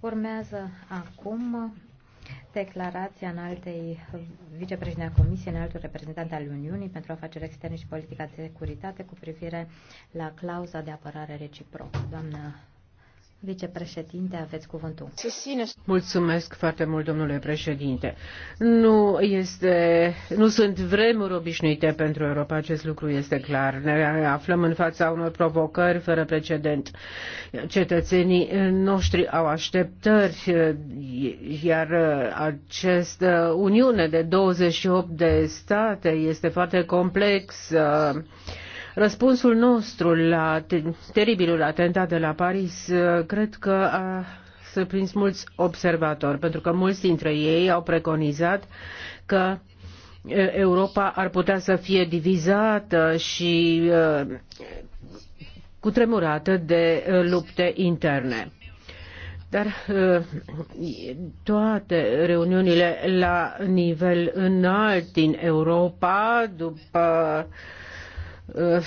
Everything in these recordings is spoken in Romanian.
Urmează acum declarația în altei vicepreședintea Comisiei, în altul reprezentant al Uniunii pentru afaceri externe și politica de securitate cu privire la clauza de apărare reciprocă. Doamnă Vicepreședinte, aveți cuvântul. Mulțumesc foarte mult, domnule președinte. Nu, este, nu sunt vremuri obișnuite pentru Europa, acest lucru este clar. Ne aflăm în fața unor provocări fără precedent. Cetățenii noștri au așteptări, iar această uniune de 28 de state este foarte complexă Răspunsul nostru la teribilul atentat de la Paris uh, cred că a surprins mulți observatori, pentru că mulți dintre ei au preconizat că uh, Europa ar putea să fie divizată și uh, cutremurată de lupte interne. Dar toate reuniunile la nivel înalt din Europa, după uh, Ă,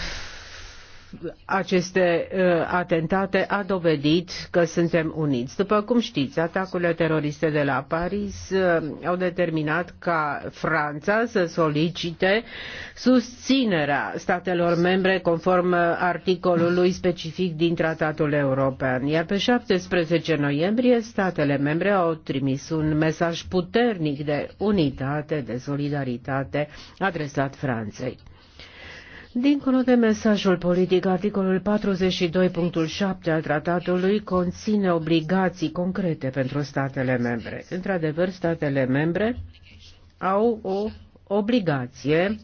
aceste ă, atentate a dovedit că suntem uniți. După cum știți, atacurile teroriste de la Paris ă, au determinat ca Franța să solicite susținerea statelor membre conform articolului specific din tratatul european. Iar pe 17 noiembrie statele membre au trimis un mesaj puternic de unitate, de solidaritate adresat Franței. Dincolo de mesajul politic, articolul 42.7 al tratatului conține obligații concrete pentru statele membre. Într-adevăr, statele membre au o obligație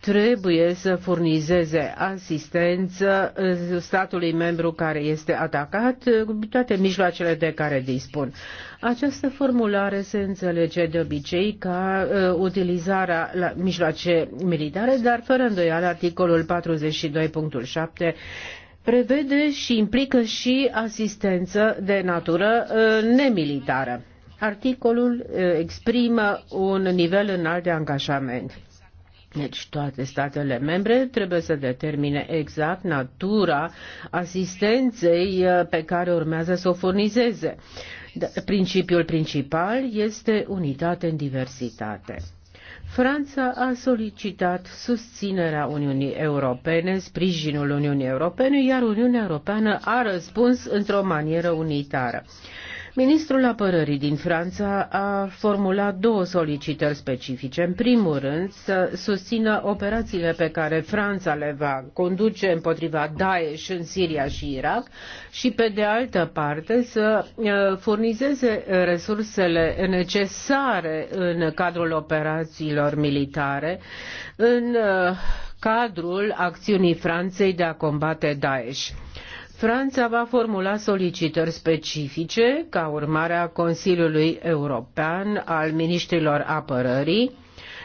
trebuie să furnizeze asistență statului membru care este atacat cu toate mijloacele de care dispun. Această formulare se înțelege de obicei ca uh, utilizarea la mijloace militare, dar fără îndoială articolul 42.7 prevede și implică și asistență de natură uh, nemilitară. Articolul uh, exprimă un nivel înalt de angajament. Deci toate statele membre trebuie să determine exact natura asistenței uh, pe care urmează să o furnizeze. Da, principiul principal este unitate în diversitate. Franța a solicitat susținerea Uniunii Europene, sprijinul Uniunii Europene, iar Uniunea Europeană a răspuns într-o manieră unitară. Ministrul Apărării din Franța a formulat două solicitări specifice. În primul rând, să susțină operațiile pe care Franța le va conduce împotriva Daesh în Siria și Irak și, pe de altă parte, să uh, furnizeze uh, resursele necesare în cadrul operațiilor militare în uh, cadrul acțiunii Franței de a combate Daesh. Franța va formula solicitări specifice ca urmare a Consiliului European al Ministrilor Apărării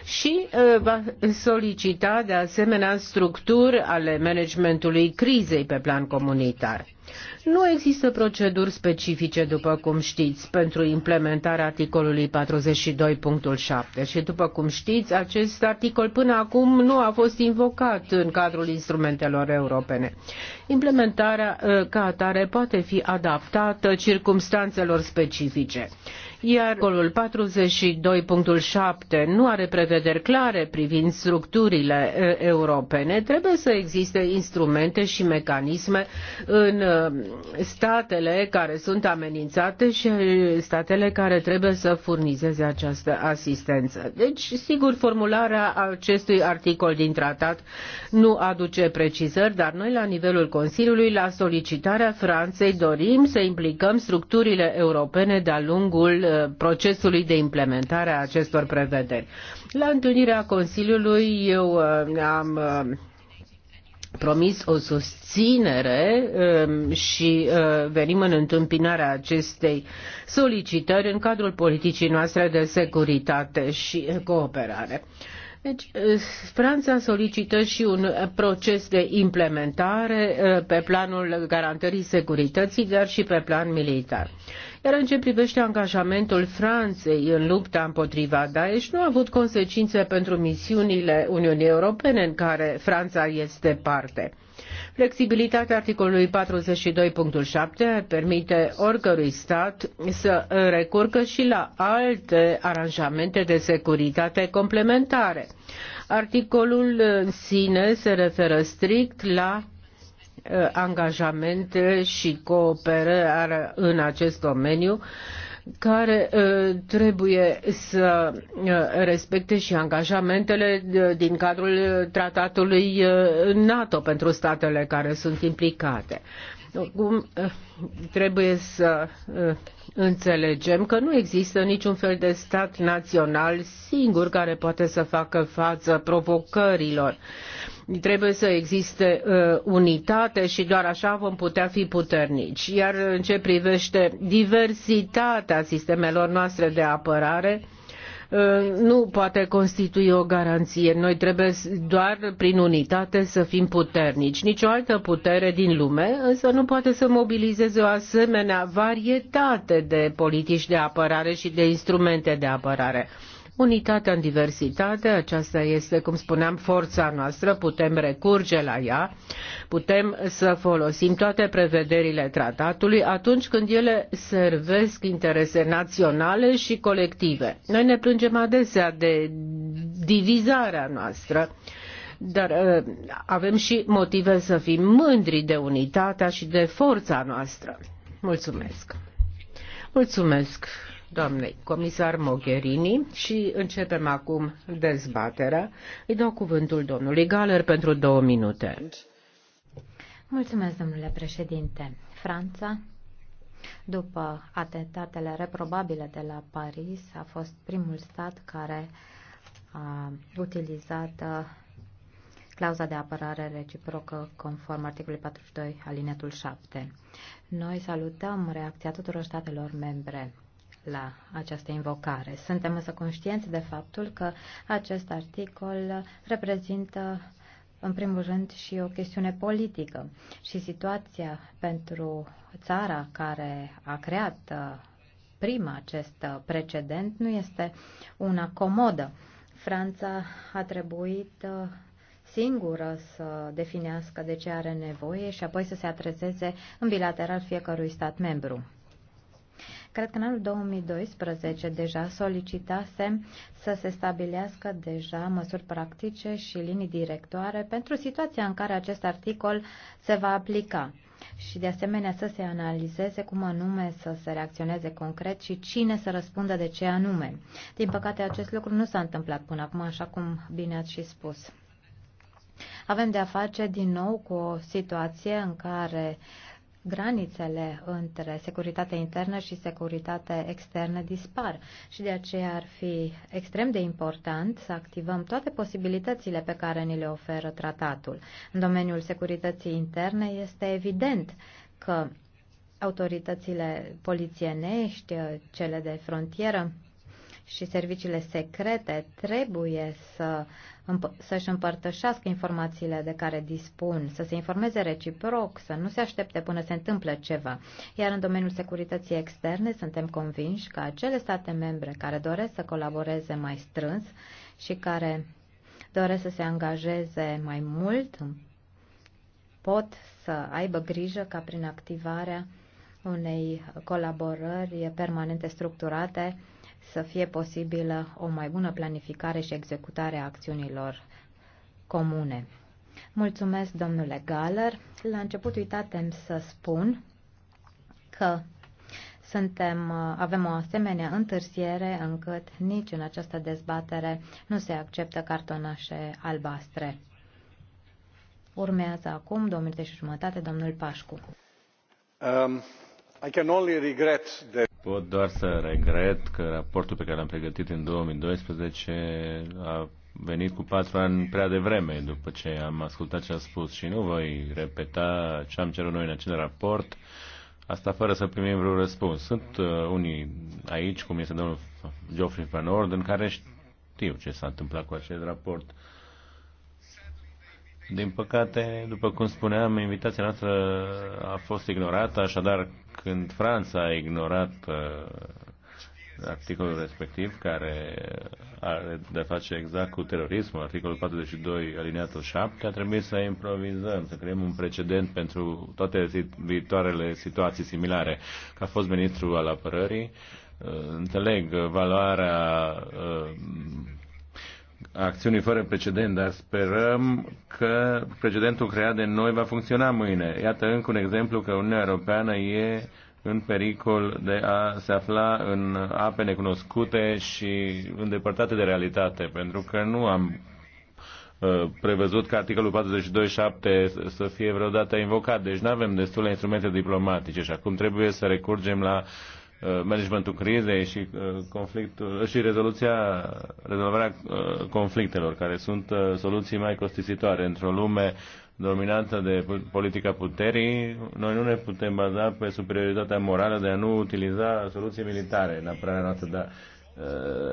și va solicita de asemenea structuri ale managementului crizei pe plan comunitar. Nu există proceduri specifice, după cum știți, pentru implementarea articolului 42.7 și, după cum știți, acest articol până acum nu a fost invocat în cadrul instrumentelor europene. Implementarea ă, ca atare poate fi adaptată circumstanțelor specifice iar articolul 42.7 nu are prevederi clare privind structurile ă, europene, trebuie să existe instrumente și mecanisme în ă, statele care sunt amenințate și statele care trebuie să furnizeze această asistență. Deci, sigur, formularea acestui articol din tratat nu aduce precizări, dar noi la nivelul Consiliului, la solicitarea Franței, dorim să implicăm structurile europene de-a lungul uh, procesului de implementare a acestor prevederi. La întâlnirea Consiliului eu uh, am promis o susținere um, și uh, venim în întâmpinarea acestei solicitări în cadrul politicii noastre de securitate și cooperare. Deci, eh, Franța solicită și un eh, proces de implementare eh, pe planul garantării securității, dar și pe plan militar. Iar în ce privește angajamentul Franței în lupta împotriva Daesh, nu a avut consecințe pentru misiunile Uniunii Europene în care Franța este parte. Flexibilitatea articolului 42.7 permite oricărui stat să recurgă și la alte aranjamente de securitate complementare. Articolul în sine se referă strict la uh, angajamente și cooperare în acest domeniu care uh, trebuie să uh, respecte și angajamentele uh, din cadrul tratatului NATO pentru statele care sunt implicate. Cum trebuie să înțelegem că nu există niciun fel de stat național singur care poate să facă față provocărilor Trebuie să existe uh, unitate și doar așa vom putea fi puternici. Iar în ce privește diversitatea sistemelor noastre de apărare, uh, nu poate constitui o garanție. Noi trebuie doar prin unitate să fim puternici. Nicio altă putere din lume însă nu poate să mobilizeze o asemenea varietate de politici de apărare și de instrumente de apărare. Unitatea în diversitate, aceasta este, cum spuneam, forța noastră, putem recurge la ea, putem să folosim toate prevederile tratatului atunci când ele servesc interese naționale și colective. Noi ne plângem adesea de divizarea noastră, dar ă, avem și motive să fim mândri de unitatea și de forța noastră. Mulțumesc! Mulțumesc! doamnei comisar Mogherini și începem acum dezbaterea. Îi dau cuvântul domnului Galer pentru două minute. Mulțumesc, domnule președinte. Franța, după atentatele reprobabile de la Paris, a fost primul stat care a utilizat uh, clauza de apărare reciprocă conform articolului 42 alinetul 7. Noi salutăm reacția tuturor statelor membre la această invocare. Suntem însă conștienți de faptul că acest articol reprezintă în primul rând și o chestiune politică și situația pentru țara care a creat uh, prima acest uh, precedent nu este una comodă. Franța a trebuit uh, singură să definească de ce are nevoie și apoi să se atrezeze în bilateral fiecărui stat membru. Cred că în anul 2012 deja solicitasem să se stabilească deja măsuri practice și linii directoare pentru situația în care acest articol se va aplica și de asemenea să se analizeze cum anume să se reacționeze concret și cine să răspundă de ce anume. Din păcate, acest lucru nu s-a întâmplat până acum, așa cum bine ați și spus. Avem de a face din nou cu o situație în care granițele între securitate internă și securitate externă dispar și de aceea ar fi extrem de important să activăm toate posibilitățile pe care ni le oferă tratatul. În domeniul securității interne este evident că autoritățile polițienești, cele de frontieră, și serviciile secrete trebuie să, împ- să-și împărtășească informațiile de care dispun, să se informeze reciproc, să nu se aștepte până se întâmplă ceva. Iar în domeniul securității externe suntem convinși că acele state membre care doresc să colaboreze mai strâns și care doresc să se angajeze mai mult pot să aibă grijă ca prin activarea unei colaborări permanente structurate să fie posibilă o mai bună planificare și executare a acțiunilor comune. Mulțumesc, domnule Galler. La început uitatem să spun că suntem, avem o asemenea întârziere încât nici în această dezbatere nu se acceptă cartonașe albastre. Urmează acum, domnul minute și jumătate, domnul Pașcu. Um, I can only regret that Pot doar să regret că raportul pe care l-am pregătit în 2012 a venit cu patru ani prea devreme după ce am ascultat ce a spus și nu voi repeta ce am cerut noi în acel raport, asta fără să primim vreun răspuns. Sunt uh, unii aici, cum este domnul Geoffrey Van Orden, care știu ce s-a întâmplat cu acest raport. Din păcate, după cum spuneam, invitația noastră a fost ignorată, așadar când Franța a ignorat uh, articolul respectiv care are de face exact cu terorismul, articolul 42 alineatul 7, a trebuit să improvizăm, să creăm un precedent pentru toate viitoarele situații similare. Ca fost ministru al apărării, uh, înțeleg valoarea uh, acțiuni fără precedent, dar sperăm că precedentul creat de noi va funcționa mâine. Iată încă un exemplu că Uniunea Europeană e în pericol de a se afla în ape necunoscute și îndepărtate de realitate, pentru că nu am uh, prevăzut că articolul 42.7 să fie vreodată invocat. Deci nu avem destule instrumente diplomatice și acum trebuie să recurgem la uh, Uh, managementul crizei și uh, conflictul uh, și rezoluția rezolvarea conflictelor care sunt soluții mai costisitoare într-o lume dominantă de politica puterii, noi nu ne putem baza pe superioritatea morală de a nu utiliza soluții militare în apărarea noastră, dar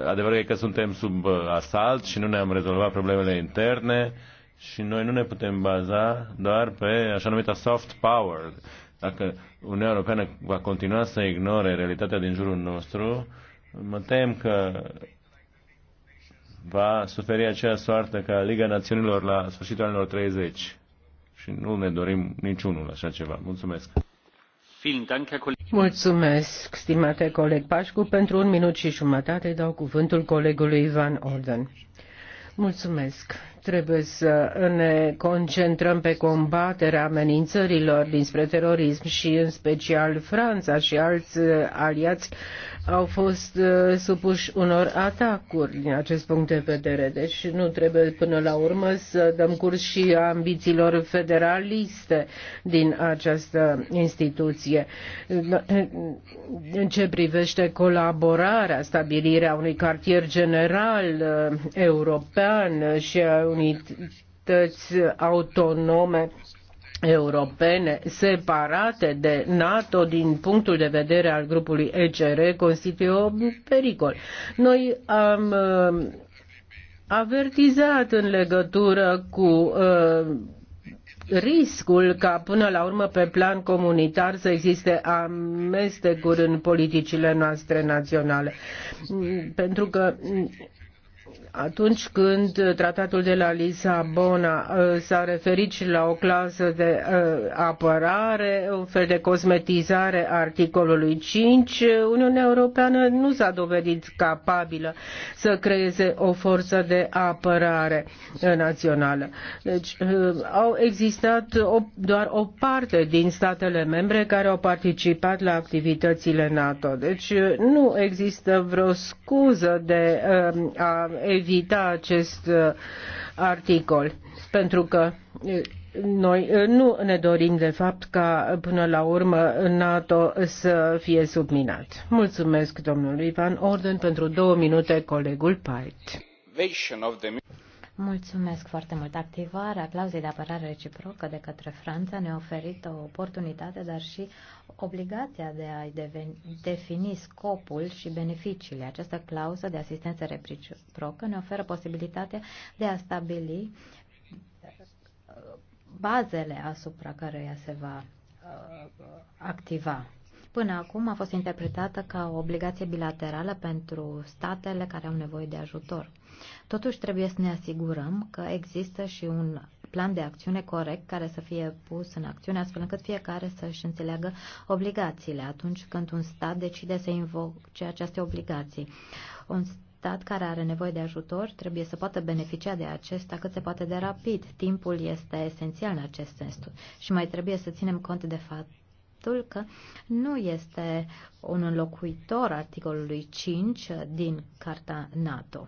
adevărul e că suntem sub asalt și nu ne-am rezolvat problemele interne și noi nu ne putem baza doar pe așa numita soft power, dacă Uniunea Europeană va continua să ignore realitatea din jurul nostru, mă tem că va suferi aceea soartă ca Liga Națiunilor la sfârșitul anilor 30. Și nu ne dorim niciunul așa ceva. Mulțumesc! Mulțumesc, stimate coleg Pașcu. Pentru un minut și jumătate dau cuvântul colegului Ivan Orden. Mulțumesc. Trebuie să ne concentrăm pe combaterea amenințărilor dinspre terorism și în special Franța și alți uh, aliați au fost uh, supuși unor atacuri din acest punct de vedere. Deci nu trebuie până la urmă să dăm curs și ambițiilor federaliste din această instituție. În ce privește colaborarea, stabilirea unui cartier general uh, european și a unități autonome europene separate de NATO din punctul de vedere al grupului ECR constituie un pericol. Noi am uh, avertizat în legătură cu uh, riscul ca până la urmă pe plan comunitar să existe amestecuri în politicile noastre naționale. Pentru că atunci când tratatul de la Lisabona uh, s-a referit și la o clasă de uh, apărare, un fel de cosmetizare a articolului 5, Uniunea Europeană nu s-a dovedit capabilă să creeze o forță de apărare uh, națională. Deci au existat doar o parte din statele membre care au participat la activitățile NATO. Deci nu există vreo scuză de a evita acest uh, articol, pentru că uh, noi uh, nu ne dorim, de fapt, ca până la urmă NATO să fie subminat. Mulțumesc domnului Ivan Orden pentru două minute, colegul Pait. Mulțumesc foarte mult. Activarea clauzei de apărare reciprocă de către Franța ne-a oferit o oportunitate, dar și obligația de a defini scopul și beneficiile. Această clauză de asistență reciprocă ne oferă posibilitatea de a stabili uh, bazele asupra căreia se va uh, activa. Până acum a fost interpretată ca o obligație bilaterală pentru statele care au nevoie de ajutor. Totuși trebuie să ne asigurăm că există și un plan de acțiune corect care să fie pus în acțiune astfel încât fiecare să-și înțeleagă obligațiile atunci când un stat decide să invoce aceste obligații. Un stat care are nevoie de ajutor trebuie să poată beneficia de acesta cât se poate de rapid. Timpul este esențial în acest sens și mai trebuie să ținem cont de fapt faptul că nu este un înlocuitor articolului 5 din Carta NATO.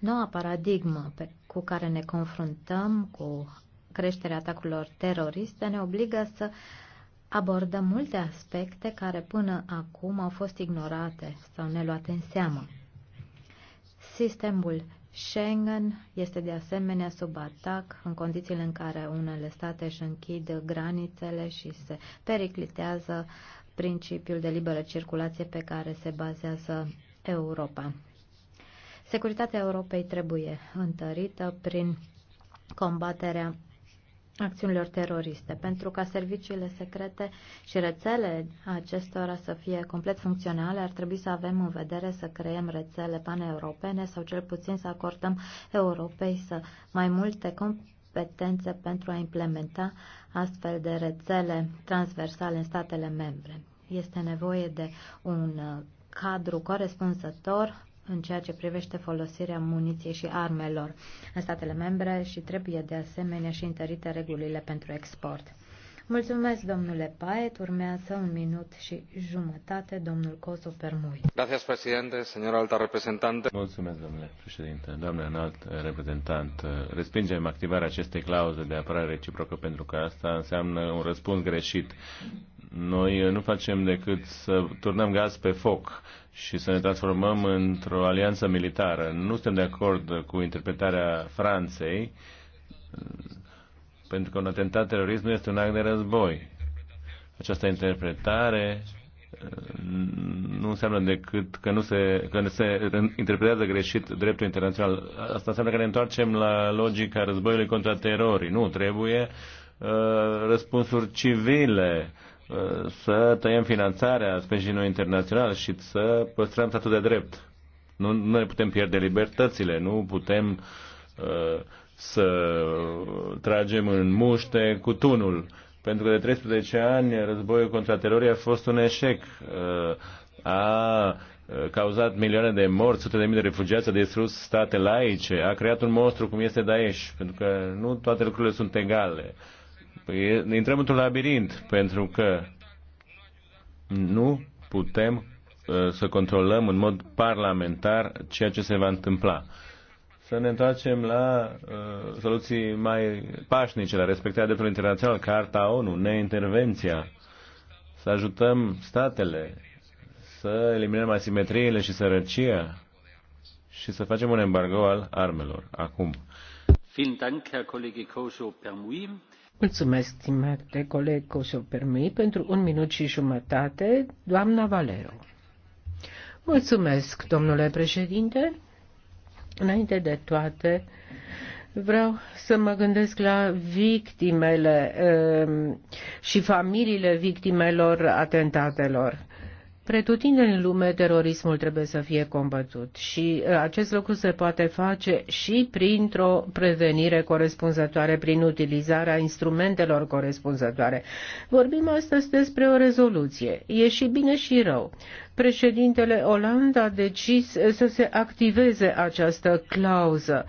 Noua paradigmă pe, cu care ne confruntăm cu creșterea atacurilor teroriste ne obligă să abordăm multe aspecte care până acum au fost ignorate sau neluate în seamă. Sistemul Schengen este de asemenea sub atac în condițiile în care unele state își închid granițele și se periclitează principiul de liberă circulație pe care se bazează Europa. Securitatea Europei trebuie întărită prin combaterea acțiunilor teroriste, pentru ca serviciile secrete și rețelele acestora să fie complet funcționale, ar trebui să avem în vedere să creăm rețele paneuropene sau cel puțin să acordăm Europei să mai multe competențe pentru a implementa astfel de rețele transversale în statele membre. Este nevoie de un uh, cadru corespunzător în ceea ce privește folosirea muniției și armelor în statele membre și trebuie de asemenea și întărite regulile pentru export. Mulțumesc, domnule Paet. Urmează un minut și jumătate, domnul Coso Permui. Gracias, presidente, señor alta reprezentante. Mulțumesc, domnule președinte. Doamne înalt reprezentant, respingem activarea acestei clauze de apărare reciprocă pentru că asta înseamnă un răspuns greșit. Noi nu facem decât să turnăm gaz pe foc și să ne transformăm într-o alianță militară. Nu suntem de acord cu interpretarea Franței, pentru că un atentat terorist nu este un act de război. Această interpretare nu înseamnă decât că nu se, că se interpretează greșit dreptul internațional. Asta înseamnă că ne întoarcem la logica războiului contra terorii. Nu, trebuie uh, răspunsuri civile să tăiem finanțarea sprijinului internațional și să păstrăm statul de drept. Nu, nu ne putem pierde libertățile, nu putem uh, să tragem în muște cu tunul. Pentru că de 13 ani războiul contra terorii a fost un eșec. Uh, a uh, cauzat milioane de morți, sute de mii de refugiați, a distrus state laice, a creat un monstru cum este Daesh, pentru că nu toate lucrurile sunt egale. Uh, Păi intrăm într-un labirint pentru că nu putem uh, să controlăm în mod parlamentar ceea ce se va întâmpla. Să ne întoarcem la uh, soluții mai pașnice, la respectarea dreptului internațional, Carta ONU, neintervenția, să ajutăm statele să eliminăm asimetriile și sărăcia și să facem un embargo al armelor acum. Vielen Dank, Herr Kollege Koso Mulțumesc, stimate coleg permit pentru un minut și jumătate, doamna Valero. Mulțumesc, domnule președinte. Înainte de toate, vreau să mă gândesc la victimele ehm, și familiile victimelor atentatelor. Pretutindeni în lume, terorismul trebuie să fie combătut și uh, acest lucru se poate face și printr-o prevenire corespunzătoare, prin utilizarea instrumentelor corespunzătoare. Vorbim astăzi despre o rezoluție. E și bine și rău președintele Oland a decis eh, să se activeze această clauză.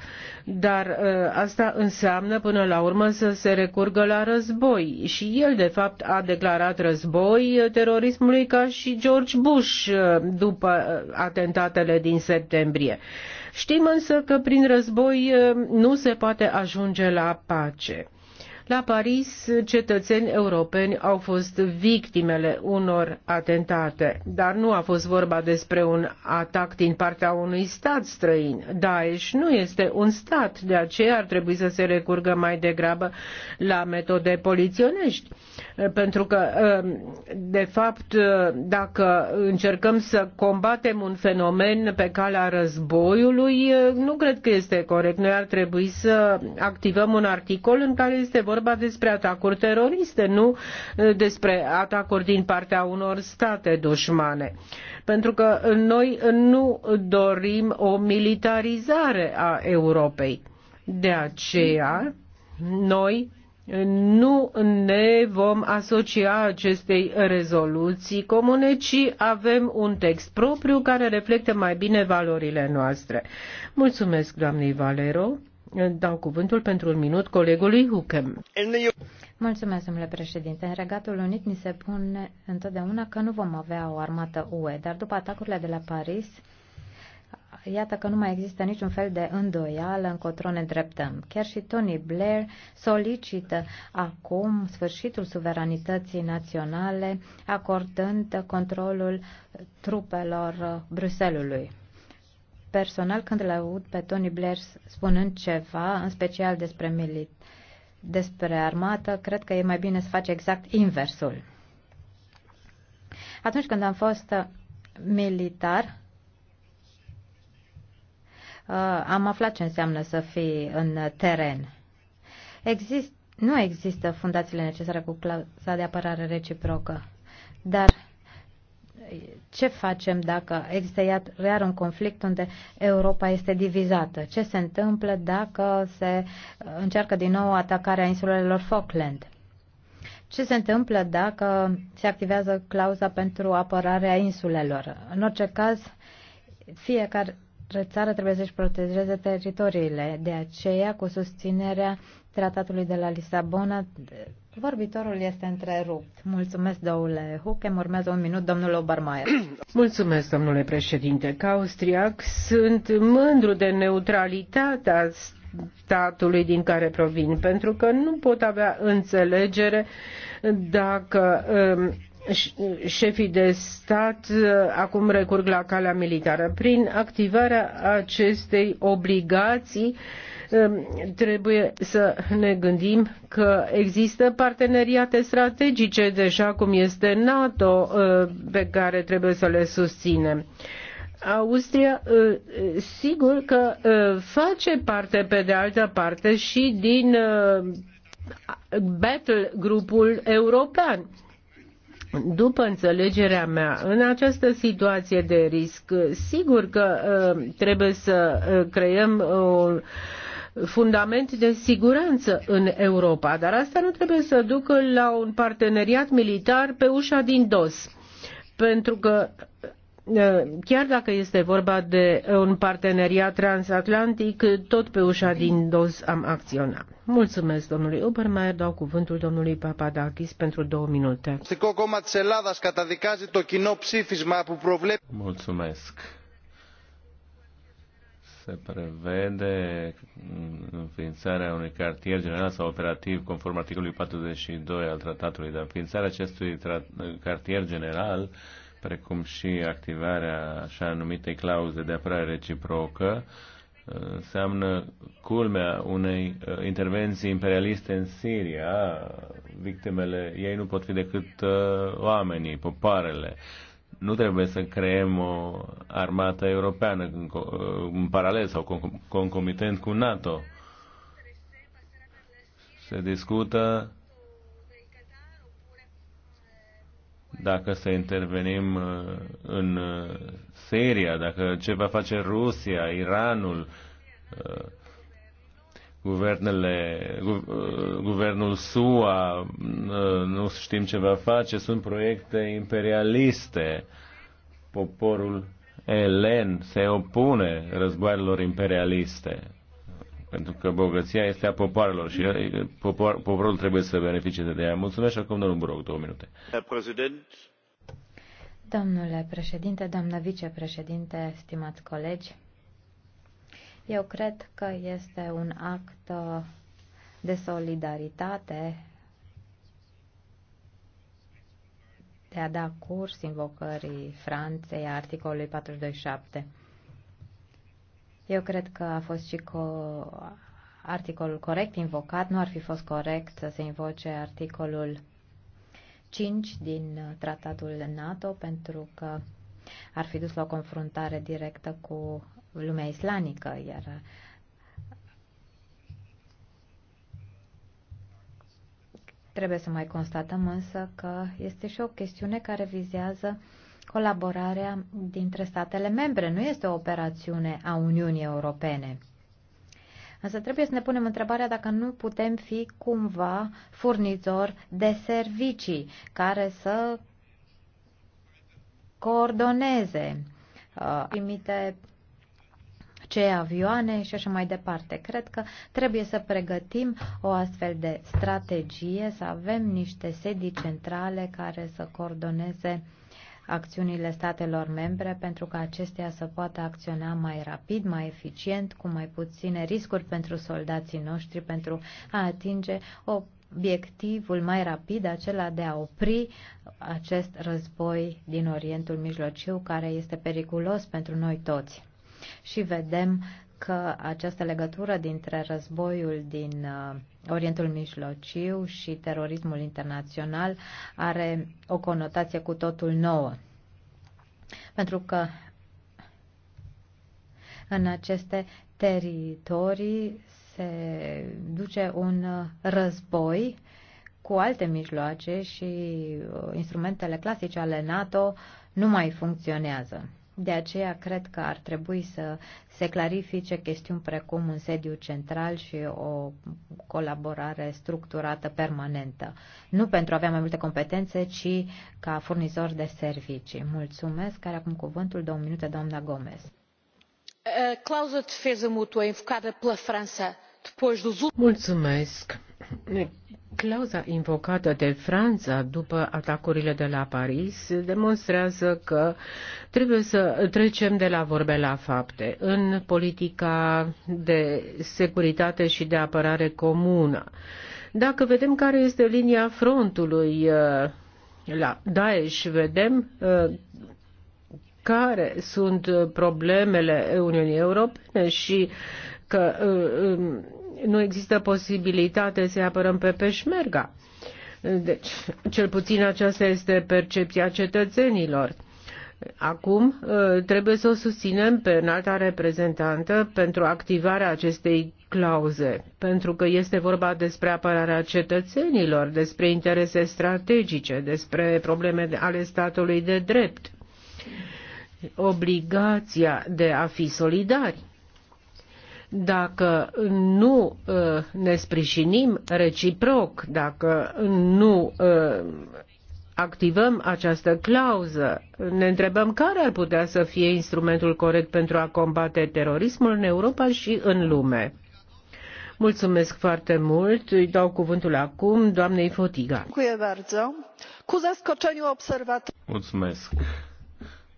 Dar eh, asta înseamnă până la urmă să se recurgă la război. Și el, de fapt, a declarat război eh, terorismului ca și George Bush după atentatele din septembrie. Știm însă că prin război nu se poate ajunge la pace. La Paris, cetățeni europeni au fost victimele unor atentate, dar nu a fost vorba despre un atac din partea unui stat străin. Daesh nu este un stat, de aceea ar trebui să se recurgă mai degrabă la metode poliționești. Pentru că, um, de fapt, uh, dacă încercăm să combatem un fenomen pe calea războiului, uh, nu cred că este corect. Noi ar trebui să activăm un articol în care este vorba vorba despre atacuri teroriste, nu despre atacuri din partea unor state dușmane. Pentru că noi nu dorim o militarizare a Europei. De aceea, noi nu ne vom asocia acestei rezoluții comune, ci avem un text propriu care reflectă mai bine valorile noastre. Mulțumesc, doamnei Valero. Dau cuvântul pentru un minut colegului Hukem. Mulțumesc, domnule președinte. În Regatul Unit ni se pune întotdeauna că nu vom avea o armată UE, dar după atacurile de la Paris, iată că nu mai există niciun fel de îndoială încotro ne dreptăm. Chiar și Tony Blair solicită acum sfârșitul suveranității naționale, acordând controlul trupelor Bruselului. Personal, când îl aud pe Tony Blair spunând ceva, în special despre milit, despre armată, cred că e mai bine să faci exact inversul. Atunci când am fost uh, militar, uh, am aflat ce înseamnă să fii în teren. Exist, nu există fundațiile necesare cu clasa de apărare reciprocă, dar ce facem dacă există iar un conflict unde Europa este divizată? Ce se întâmplă dacă se uh, încearcă din nou atacarea insulelor Falkland? Ce se întâmplă dacă se activează clauza pentru apărarea insulelor? În orice caz, fiecare țară trebuie să-și protejeze teritoriile. De aceea, cu susținerea Tratatului de la Lisabona. Vorbitorul este întrerupt. Mulțumesc, domnule Huchem. Urmează un minut, domnul Obermeier. Mulțumesc, domnule președinte. Ca austriac sunt mândru de neutralitatea statului din care provin, pentru că nu pot avea înțelegere dacă um, șefii de stat uh, acum recurg la calea militară. Prin activarea acestei obligații, uh, Ehm, trebuie să ne gândim că există parteneriate strategice deja, cum este NATO, ehm, pe care trebuie să le susținem. Austria, ehm, sigur că face parte, pe de altă parte, și din battle grupul european. După înțelegerea mea, în această situație de risc, sigur că trebuie să creăm un fundament de siguranță în Europa, dar asta nu trebuie să ducă la un parteneriat militar pe ușa din dos. Pentru că ă, chiar dacă este vorba de un parteneriat transatlantic, tot pe ușa din dos am acționat. Mulțumesc, domnului Obermeier. Dau cuvântul domnului Papadakis pentru două minute. Mulțumesc se prevede înființarea unui cartier general sau operativ conform articolului 42 al tratatului, dar înființarea acestui cartier general, precum și activarea așa numitei clauze de apărare reciprocă, înseamnă culmea unei uh, intervenții imperialiste în Siria. Victimele ei nu pot fi decât uh, oamenii, popoarele nu trebuie să creăm o armată europeană în, în paralel sau concomitent cu NATO. Se discută dacă să intervenim uh, în uh, Siria, dacă ce va face Rusia, Iranul, uh, guvernele, gu, uh, guvernul SUA, uh, nu știm ce va face, sunt proiecte imperialiste. Poporul elen se opune războaielor imperialiste. Pentru că bogăția este a popoarelor și uh, popor, poporul trebuie să beneficieze de ea. Mulțumesc și acum domnul Buroc, două minute. Domnule președinte, doamnă vicepreședinte, stimați colegi, eu cred că este un act uh, de solidaritate de a da curs invocării Franței a articolului 427. Eu cred că a fost și co- articolul corect invocat, nu ar fi fost corect să se invoce articolul 5 din tratatul NATO pentru că ar fi dus la o confruntare directă cu lumea islamică, iar uh, trebuie să mai constatăm însă că este și o chestiune care vizează colaborarea dintre statele membre. Nu este o operațiune a Uniunii Europene. Însă trebuie să ne punem întrebarea dacă nu putem fi cumva furnizor de servicii care să coordoneze uh, primite ce avioane și așa mai departe. Cred că trebuie să pregătim o astfel de strategie, să avem niște sedii centrale care să coordoneze acțiunile statelor membre pentru ca acestea să poată acționa mai rapid, mai eficient, cu mai puține riscuri pentru soldații noștri, pentru a atinge obiectivul mai rapid, acela de a opri acest război din Orientul Mijlociu, care este periculos pentru noi toți și vedem că această legătură dintre războiul din uh, Orientul Mijlociu și terorismul internațional are o conotație cu totul nouă. Pentru că în aceste teritorii se duce un uh, război cu alte mijloace și uh, instrumentele clasice ale NATO nu mai funcționează. De aceea cred că ar trebui să se clarifice chestiuni precum un sediu central și o colaborare structurată permanentă. Nu pentru a avea mai multe competențe, ci ca furnizor de servicii. Mulțumesc. Care acum cuvântul, două minute, doamna Gomez. Clauza eh, de defeză mutuă invocată pela Franța Mulțumesc. Clauza invocată de Franța după atacurile de la Paris demonstrează că trebuie să trecem de la vorbe la fapte. În politica de securitate și de apărare comună, dacă vedem care este linia frontului uh, la Daesh, vedem uh, care sunt problemele Uniunii Europene și că uh, um, nu există posibilitate să apărăm pe peșmerga. Deci, cel puțin aceasta este percepția cetățenilor. Acum ă, trebuie să o susținem pe înalta reprezentantă pentru activarea acestei clauze, pentru că este vorba despre apărarea cetățenilor, despre interese strategice, despre probleme ale statului de drept, obligația de a fi solidari. Dacă nu uh, ne sprijinim reciproc, dacă nu uh, activăm această clauză, ne întrebăm care ar putea să fie instrumentul corect pentru a combate terorismul în Europa și în lume. Mulțumesc foarte mult. Îi dau cuvântul acum doamnei Fotiga. Mulțumesc,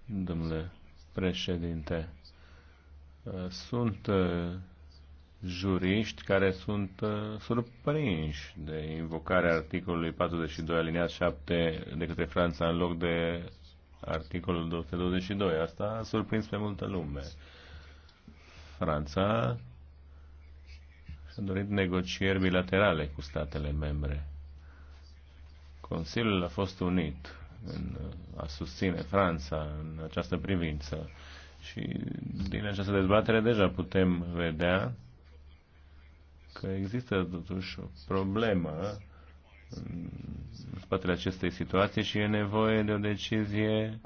domnule președinte. Uh, sunt uh, juriști care sunt uh, surprinși de invocarea articolului 42 aliniat 7 de către Franța în loc de articolul 222. Asta a surprins pe multă lume. Franța și-a dorit negocieri bilaterale cu statele membre. Consiliul a fost unit în a susține Franța în această privință. Și din această dezbatere deja putem vedea că există totuși o problemă în spatele acestei situații și e nevoie de o decizie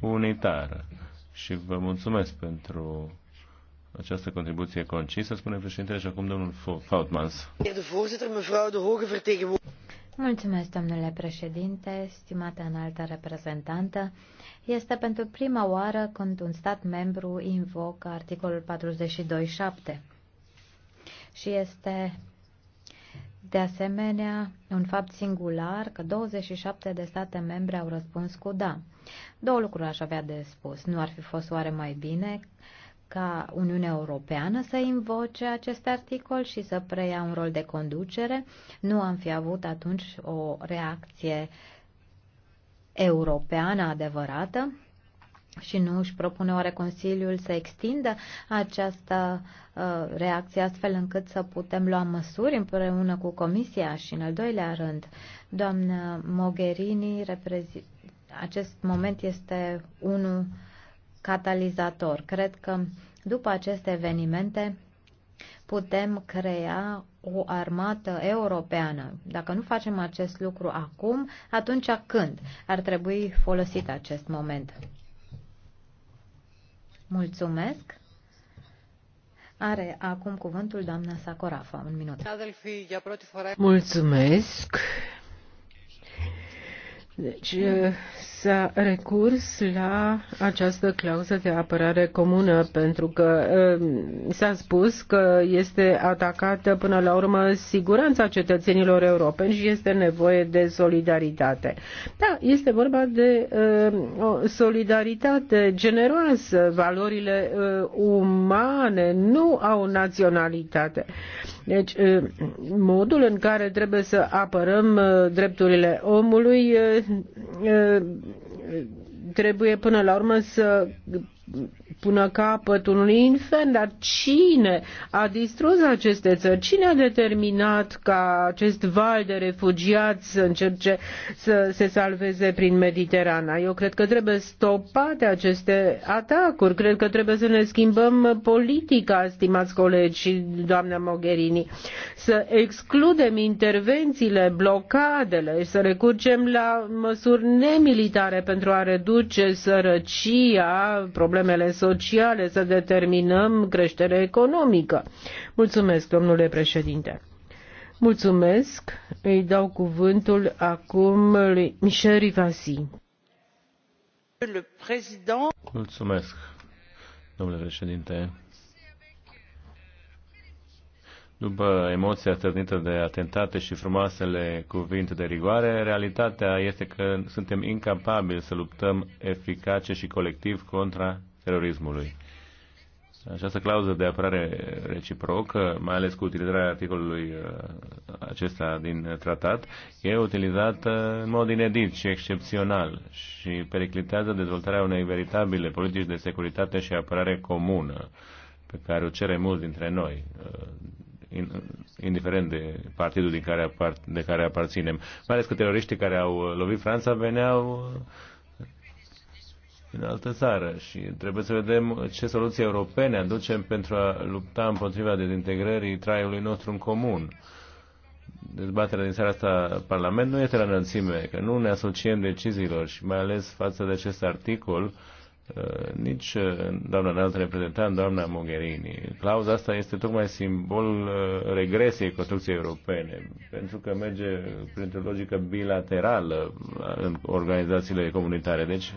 unitară. Și vă mulțumesc pentru această contribuție concisă, spune președintele și acum domnul Fautmans. Mulțumesc, domnule președinte, stimată înaltă reprezentantă. Este pentru prima oară când un stat membru invocă articolul 42.7 și este de asemenea un fapt singular că 27 de state membre au răspuns cu da. Două lucruri aș avea de spus. Nu ar fi fost oare mai bine ca Uniunea Europeană să invoce acest articol și să preia un rol de conducere? Nu am fi avut atunci o reacție uh, europeană adevărată și nu își propune oare Consiliul să extindă această uh, reacție astfel încât să putem lua măsuri împreună cu Comisia și în al doilea rând, doamnă Mogherini, acest moment este unul catalizator. Cred că după aceste evenimente putem crea o armată europeană. Dacă nu facem acest lucru acum, atunci când ar trebui folosit acest moment? Mulțumesc. Are acum cuvântul doamna Sacorafa. Un minut. Mulțumesc. Deci, s-a recurs la această clauză de apărare comună pentru că uh, s-a spus că este atacată până la urmă siguranța cetățenilor europeni și este nevoie de solidaritate. Da, este vorba de uh, o solidaritate generoasă. Valorile uh, umane nu au naționalitate. Deci, modul în care trebuie să apărăm drepturile omului trebuie până la urmă să până capăt unui infern, dar cine a distrus aceste țări? Cine a determinat ca acest val de refugiați să încerce să se salveze prin Mediterana? Eu cred că trebuie stopate aceste atacuri, cred că trebuie să ne schimbăm politica, stimați colegi și doamna Mogherini, să excludem intervențiile, blocadele și să recurgem la măsuri nemilitare pentru a reduce sărăcia, probleme problemele sociale, să determinăm creșterea economică. Mulțumesc, domnule președinte. Mulțumesc. Îi dau cuvântul acum lui Michel Rivasi. Mulțumesc, domnule președinte. După emoția stârnită de atentate și frumoasele cuvinte de rigoare, realitatea este că suntem incapabili să luptăm eficace și colectiv contra terorismului. Această clauză de apărare reciprocă, mai ales cu utilizarea articolului uh, acesta din tratat, e utilizată în mod inedit și excepțional și periclitează dezvoltarea unei veritabile politici de securitate și apărare comună pe care o cere mulți dintre noi, uh, indiferent de partidul din care apar, de care aparținem. Mai ales că teroriștii care au lovit Franța veneau în altă țară și trebuie să vedem ce soluții europene aducem pentru a lupta împotriva dezintegrării traiului nostru în comun. Dezbaterea din seara asta Parlament nu este la înălțime, că nu ne asociem deciziilor și mai ales față de acest articol, uh, nici uh, doamna înaltă reprezentant, doamna Mogherini. Clauza asta este tocmai simbol uh, regresiei construcției europene, pentru că merge printr-o logică bilaterală în organizațiile comunitare. Deci,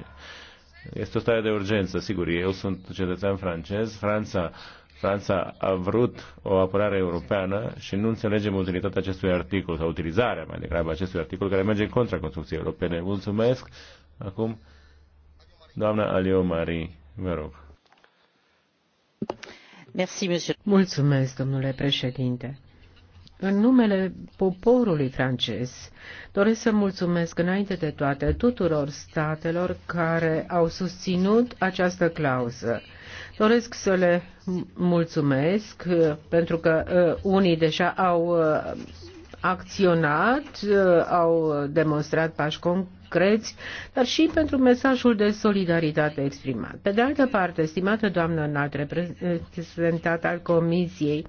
este o stare de urgență, sigur. Eu sunt cetățean francez. Franța, Franța a vrut o apărare europeană și nu înțelegem utilitatea acestui articol sau utilizarea mai degrabă acestui articol care merge contra construcției europene. Mulțumesc. Acum, doamna Alio Marie, vă rog. Mulțumesc, domnule președinte. În numele poporului francez, doresc să mulțumesc înainte de toate tuturor statelor care au susținut această clauză. Doresc să le mulțumesc uh, pentru că uh, unii deja au uh, acționat, au demonstrat pași concreți, dar și pentru mesajul de solidaritate exprimat. Pe de altă parte, stimată doamnă înalt reprezentant al Comisiei,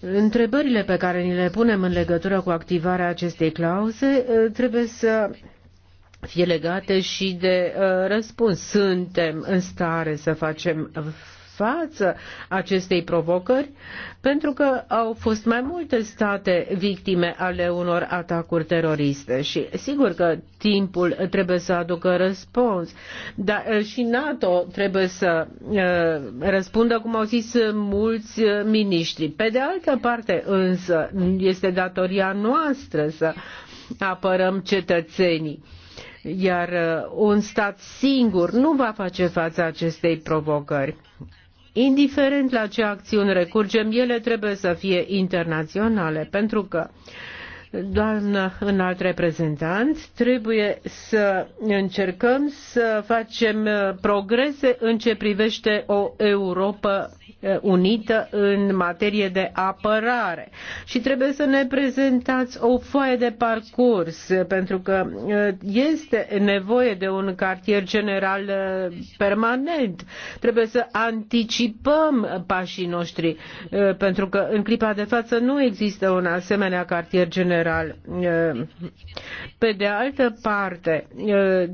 Întrebările pe care ni le punem în legătură cu activarea acestei clauze uh, trebuie să fie legate și de uh, răspuns. Suntem în stare să facem față acestei provocări, pentru că au fost mai multe state victime ale unor atacuri teroriste și sigur că timpul trebuie să aducă răspuns, dar uh, și NATO trebuie să uh, răspundă, cum au zis uh, mulți miniștri. Pe de altă parte, însă, este datoria noastră să apărăm cetățenii iar un stat singur nu va face față acestei provocări indiferent la ce acțiuni recurgem, ele trebuie să fie internaționale, pentru că doamnă înalt reprezentant, trebuie să încercăm să facem uh, progrese în ce privește o Europa Eh, unită în materie de apărare. Și trebuie să ne prezentați o foaie de parcurs, eh, pentru că eh, este nevoie de un cartier general permanent. Trebuie să anticipăm pașii noștri, pentru că în clipa de față nu există un asemenea cartier general. Pe de altă parte,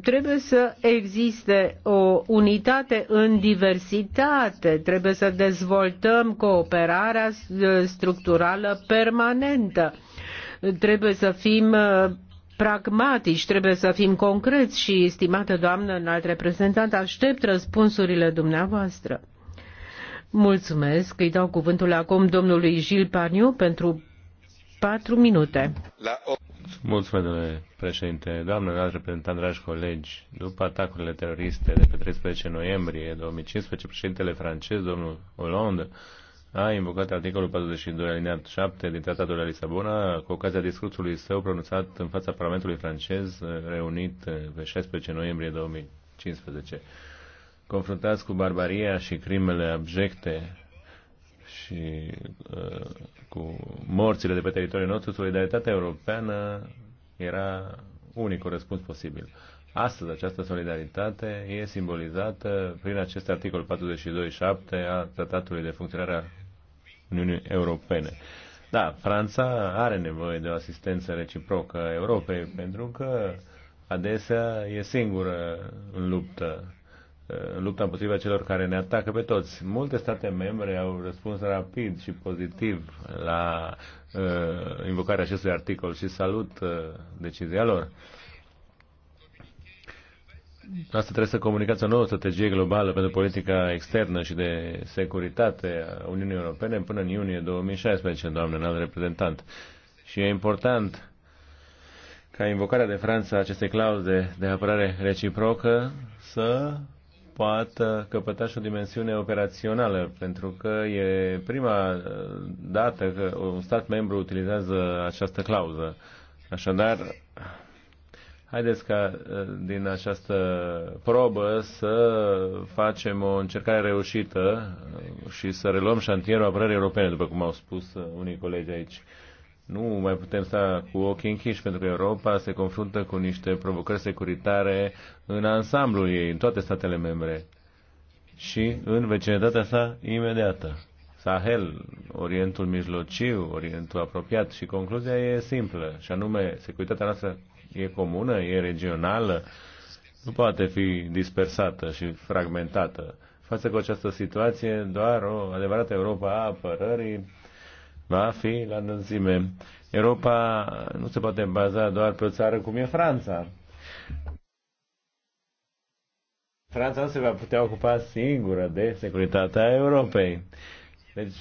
trebuie să existe o unitate în diversitate, trebuie să dezvoltăm dezvoltăm cooperarea uh, structurală permanentă. Trebuie să fim uh, pragmatici, trebuie să fim concreți și, stimată doamnă înalt reprezentant, aștept răspunsurile dumneavoastră. Mulțumesc. Îi dau cuvântul acum domnului Gilles Paniu pentru 4 minute. Mulțumesc, domnule președinte. Doamnă înalt reprezentant, dragi colegi, după atacurile teroriste de pe 13 noiembrie 2015, președintele francez, domnul Hollande, a invocat articolul 42 alineat 7 din Tratatul de Lisabona cu ocazia discursului său pronunțat în fața Parlamentului francez reunit pe 16 noiembrie 2015. Confruntați cu barbaria și crimele abjecte și uh, cu morțile de pe teritoriul nostru, solidaritatea europeană era unicul răspuns posibil. Astăzi această solidaritate e simbolizată prin acest articol 42.7 a Tratatului de Funcționare a Uniunii Europene. Da, Franța are nevoie de o asistență reciprocă a Europei pentru că adesea e singură în luptă Uh, lupta împotriva celor care ne atacă pe toți. Multe state membre au răspuns rapid și pozitiv la uh, invocarea acestui articol și salut uh, decizia lor. Asta trebuie să comunicați o nouă strategie globală pentru politica externă și de securitate a Uniunii Europene până în iunie 2016, doamnă înalt reprezentant. Și e important ca invocarea de Franța acestei clauze de apărare reciprocă să poată căpăta și o dimensiune operațională, pentru că e prima uh, dată că un stat membru utilizează această clauză. Așadar, haideți ca uh, din această probă să facem o încercare reușită uh, și să reluăm șantierul apărării europene, după cum au spus unii colegi aici. Nu mai putem sta cu ochii închiși pentru că Europa se confruntă cu niște provocări securitare în ansamblul ei, în toate statele membre și în vecinătatea sa imediată. Sahel, Orientul Mijlociu, Orientul Apropiat și concluzia e simplă și anume securitatea noastră e comună, e regională, nu poate fi dispersată și fragmentată. Față cu această situație, doar o adevărată Europa a apărării va fi la înălțime. Europa nu se poate baza doar pe o țară cum e Franța. Franța nu se va putea ocupa singură de securitatea Europei. Deci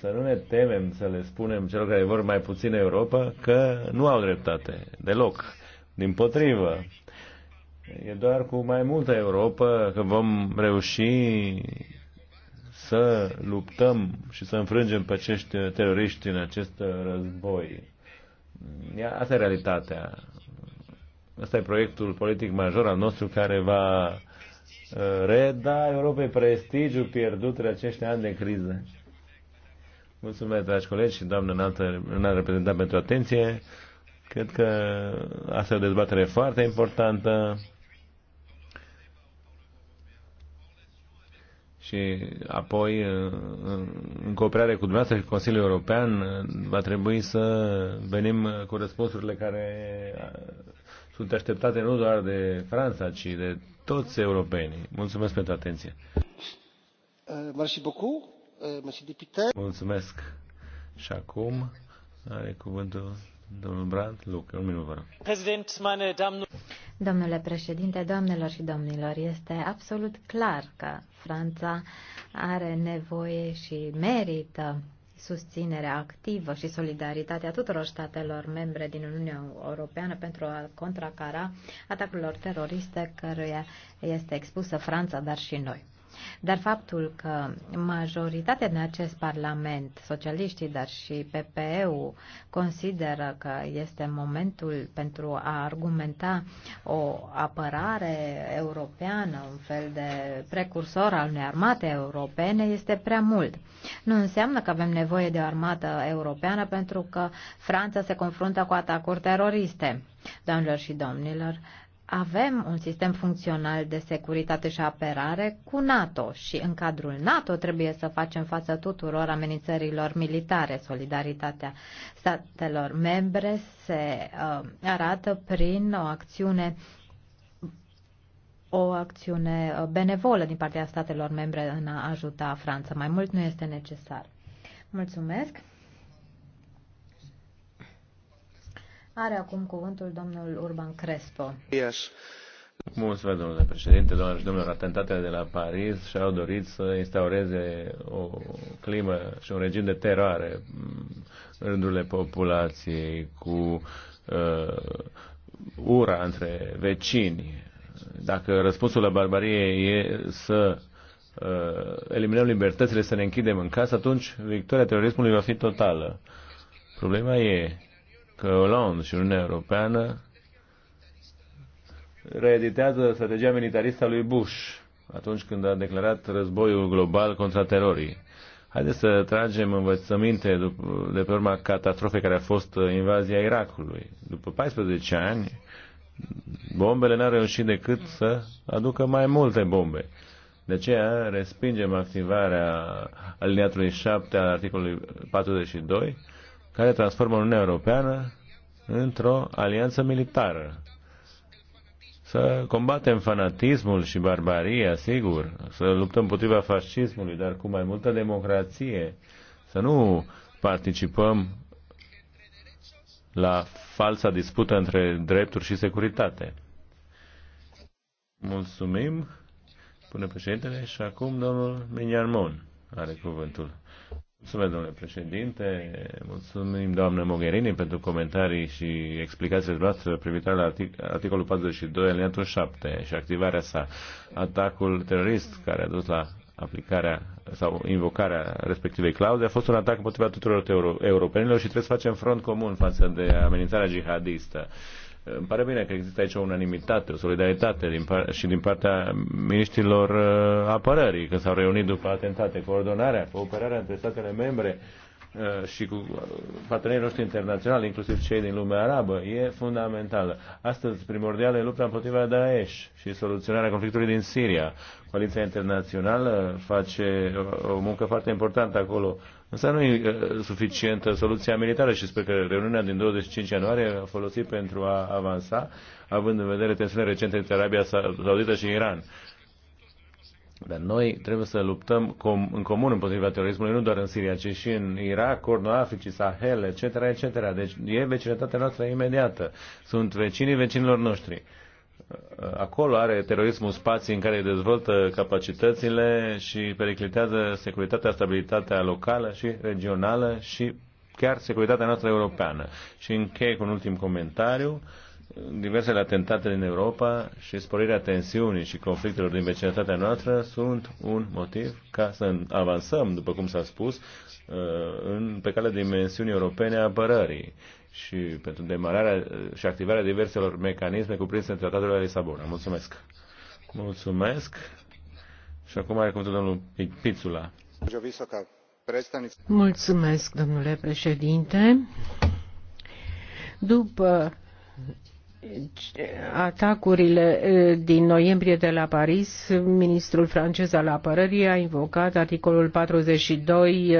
să nu ne temem să le spunem celor care vor mai puțin Europa că nu au dreptate, deloc. Din potrivă, e doar cu mai multă Europa că vom reuși să luptăm și să înfrângem pe acești teroriști în acest război. Asta e realitatea. Asta e proiectul politic major al nostru care va uh, reda Europei prestigiu pierdut în acești ani de criză. Mulțumesc, dragi colegi și doamnă înaltă, înalt reprezentant pentru atenție. Cred că asta e o dezbatere foarte importantă. și apoi în cooperare cu dumneavoastră și Consiliul European va trebui să venim cu răspunsurile care sunt așteptate nu doar de Franța, ci de toți europenii. Mulțumesc pentru atenție. Eh, eh, Mulțumesc. Și acum are cuvântul Domnul Brandt, Luc, un minut, vă Domnule președinte, doamnelor și domnilor, este absolut clar că Franța are nevoie și merită susținerea activă și solidaritatea tuturor statelor membre din Uniunea Europeană pentru a contracara atacurilor teroriste căruia este expusă Franța, dar și noi. Dar faptul că majoritatea din acest Parlament, socialiștii, dar și PPE-ul, consideră că este momentul pentru a argumenta o apărare europeană, un fel de precursor al unei armate europene, este prea mult. Nu înseamnă că avem nevoie de o armată europeană pentru că Franța se confruntă cu atacuri teroriste. Doamnelor și domnilor, avem un sistem funcțional de securitate și apărare cu NATO și în cadrul NATO trebuie să facem față tuturor amenințărilor militare. Solidaritatea statelor membre se uh, arată prin o acțiune o acțiune uh, benevolă din partea statelor membre în a ajuta Franța. Mai mult nu este necesar. Mulțumesc! Are acum cuvântul domnul Urban Crespo. Yes. Mulțumesc, domnule președinte, doamnelor și domnilor. Atentatele de la Paris și-au dorit să instaureze o climă și un regim de teroare în rândurile populației cu uh, ura între vecini. Dacă răspunsul la barbarie e să uh, eliminăm libertățile, să ne închidem în casă, atunci victoria terorismului va fi totală. Problema e că Hollande și Uniunea Europeană reeditează strategia militaristă a lui Bush atunci când a declarat războiul global contra terorii. Haideți să tragem învățăminte de pe urma catastrofei care a fost invazia Irakului. După 14 ani, bombele n-au reușit decât să aducă mai multe bombe. De aceea respingem activarea aliniatului 7 al articolului 42 care transformă Uniunea Europeană într-o alianță militară. Să combatem fanatismul și barbaria, sigur, să luptăm împotriva fascismului, dar cu mai multă democrație, să nu participăm la falsa dispută între drepturi și securitate. Mulțumim, pune președintele, și acum domnul Minyarmon are cuvântul. Mulțumesc, domnule președinte. Mulțumim, doamnă Mogherini, pentru comentarii și explicațiile noastre privitoare la artic- articolul 42, alineatul 7 și activarea sa. Atacul terorist care a dus la aplicarea sau invocarea respectivei clauze a fost un atac împotriva tuturor euro- europenilor și trebuie să facem front comun față de amenințarea jihadistă. Îmi pare bine că există aici o unanimitate, o solidaritate din par- și din partea miniștrilor uh, apărării, că s-au reunit după atentate, coordonarea, cooperarea între statele membre uh, și cu uh, partenerii noștri internaționali, inclusiv cei din lumea arabă, e fundamentală. Astăzi, primordială e lupta împotriva Daesh și soluționarea conflictului din Siria. Coaliția internațională face o, uh, o muncă foarte importantă acolo Însă nu e suficientă soluția militară și sper că reuniunea din 25 ianuarie a folosit pentru a avansa, având în vedere tensiunile recente între Arabia Saudită și Iran. Dar noi trebuie să luptăm com- în comun împotriva terorismului, nu doar în Siria, ci și în Irak, Cornul Africii, Sahel, etc., etc. Deci e vecinătatea noastră imediată. Sunt vecinii vecinilor noștri acolo are terorismul spații în care dezvoltă capacitățile și periclitează securitatea, stabilitatea locală și regională și chiar securitatea noastră europeană. Și încheie cu un ultim comentariu. Diversele atentate din Europa și sporirea tensiunii și conflictelor din vecinătatea noastră sunt un motiv ca să avansăm, după cum s-a spus, uh, în, pe calea dimensiunii europene a apărării și pentru demararea uh, și activarea diverselor mecanisme cuprinse în tratatul de Lisabona. Mulțumesc! Mulțumesc! Și acum are cuvântul domnul Pițula. Mulțumesc, domnule președinte. După atacurile din noiembrie de la Paris, ministrul francez al apărării a invocat articolul 42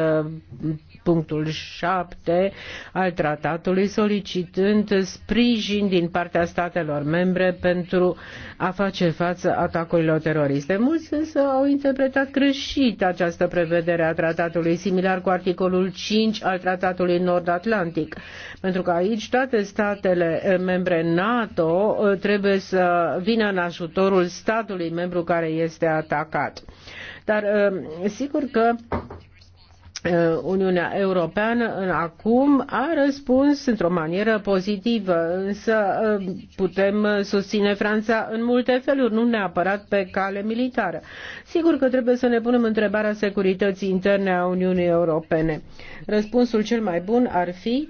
punctul 7 al tratatului solicitând sprijin din partea statelor membre pentru a face față atacurilor teroriste. Mulți însă au interpretat greșit această prevedere a tratatului, similar cu articolul 5 al tratatului nord-atlantic, pentru că aici toate statele membre n NATO uh, trebuie să vină în ajutorul statului membru care este atacat. Dar uh, sigur că uh, Uniunea Europeană acum a răspuns într-o manieră pozitivă, însă putem susține Franța în multe feluri, nu neapărat pe cale militară. Sigur că trebuie să ne punem întrebarea securității interne a Uniunii Europene. Răspunsul cel mai bun ar fi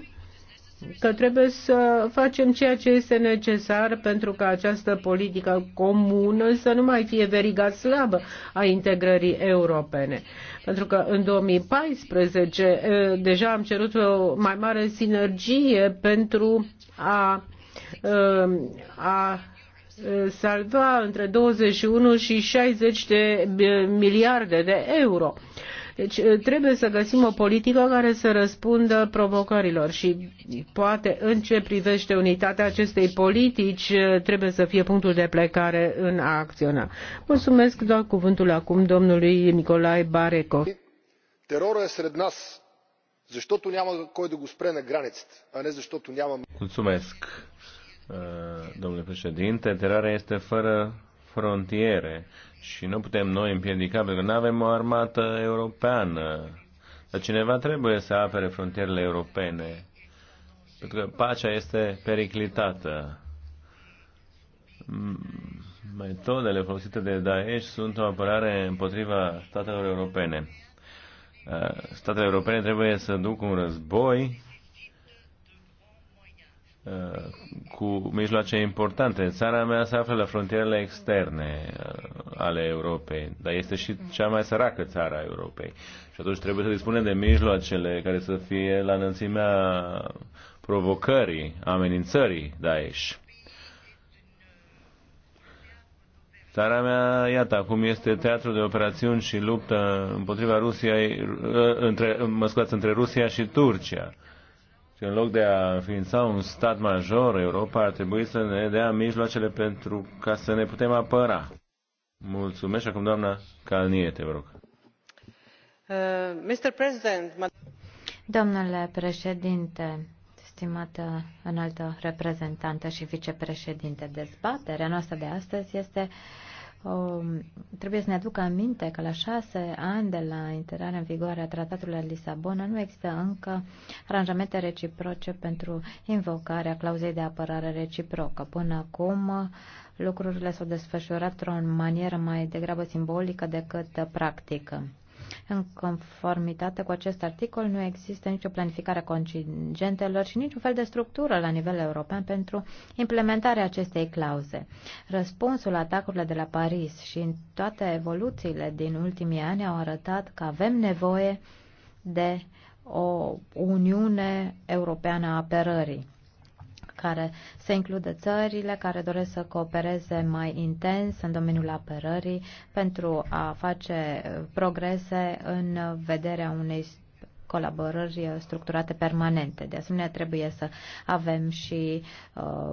că trebuie să facem ceea ce este necesar pentru ca această politică comună să nu mai fie veriga slabă a integrării europene. Pentru că în 2014 eh, deja am cerut o mai mare sinergie pentru a, eh, a eh, salva între 21 și 60 de miliarde de euro. Deci ă, trebuie să găsim o politică care să răspundă provocărilor și poate în ce privește unitatea acestei politici ă, trebuie să fie punctul de plecare în a acționa. Mulțumesc, doar cuvântul acum domnului Nicolae Bareco. Terorul este sred nas, защото няма кой да го спре на границата, а не защото Mulțumesc, ă, domnule președinte. Terorul este fără frontiere și nu putem noi împiedica pentru că nu avem o armată europeană. Dar cineva trebuie să apere frontierele europene. Pentru că pacea este periclitată. Metodele folosite de Daesh sunt o apărare împotriva statelor europene. Uh, statele europene trebuie să ducă un război Uh, cu mijloace importante. Țara mea se află la frontierele externe uh, ale Europei, dar este și cea mai săracă țară a Europei. Și atunci trebuie să dispunem de mijloacele care să fie la înălțimea provocării, amenințării Daesh. Țara mea, iată, acum este teatru de operațiuni și luptă împotriva Rusiei, uh, între, mă scuați, între Rusia și Turcia. Și în loc de a înființa un stat major, Europa ar trebui să ne dea mijloacele pentru ca să ne putem apăra. Mulțumesc acum doamna Calnie, vă rog. Uh, Mr. President, Domnule președinte, stimată înaltă reprezentantă și vicepreședinte, dezbaterea noastră de astăzi este uh, Um, trebuie să ne aduc aminte că la șase ani de la intrarea în vigoare a Tratatului la Lisabona nu există încă aranjamente reciproce pentru invocarea clauzei de apărare reciprocă. Până acum lucrurile s-au desfășurat într-o manieră mai degrabă simbolică decât practică. În conformitate cu acest articol, nu există nicio planificare contingentelor și niciun fel de structură la nivel european pentru implementarea acestei clauze. Răspunsul atacurilor de la Paris și în toate evoluțiile din ultimii ani au arătat că avem nevoie de o Uniune Europeană a Apărării care să includă țările care doresc să coopereze mai intens în domeniul apărării pentru a face progrese în vederea unei colaborări structurate permanente. De asemenea, trebuie să avem și uh,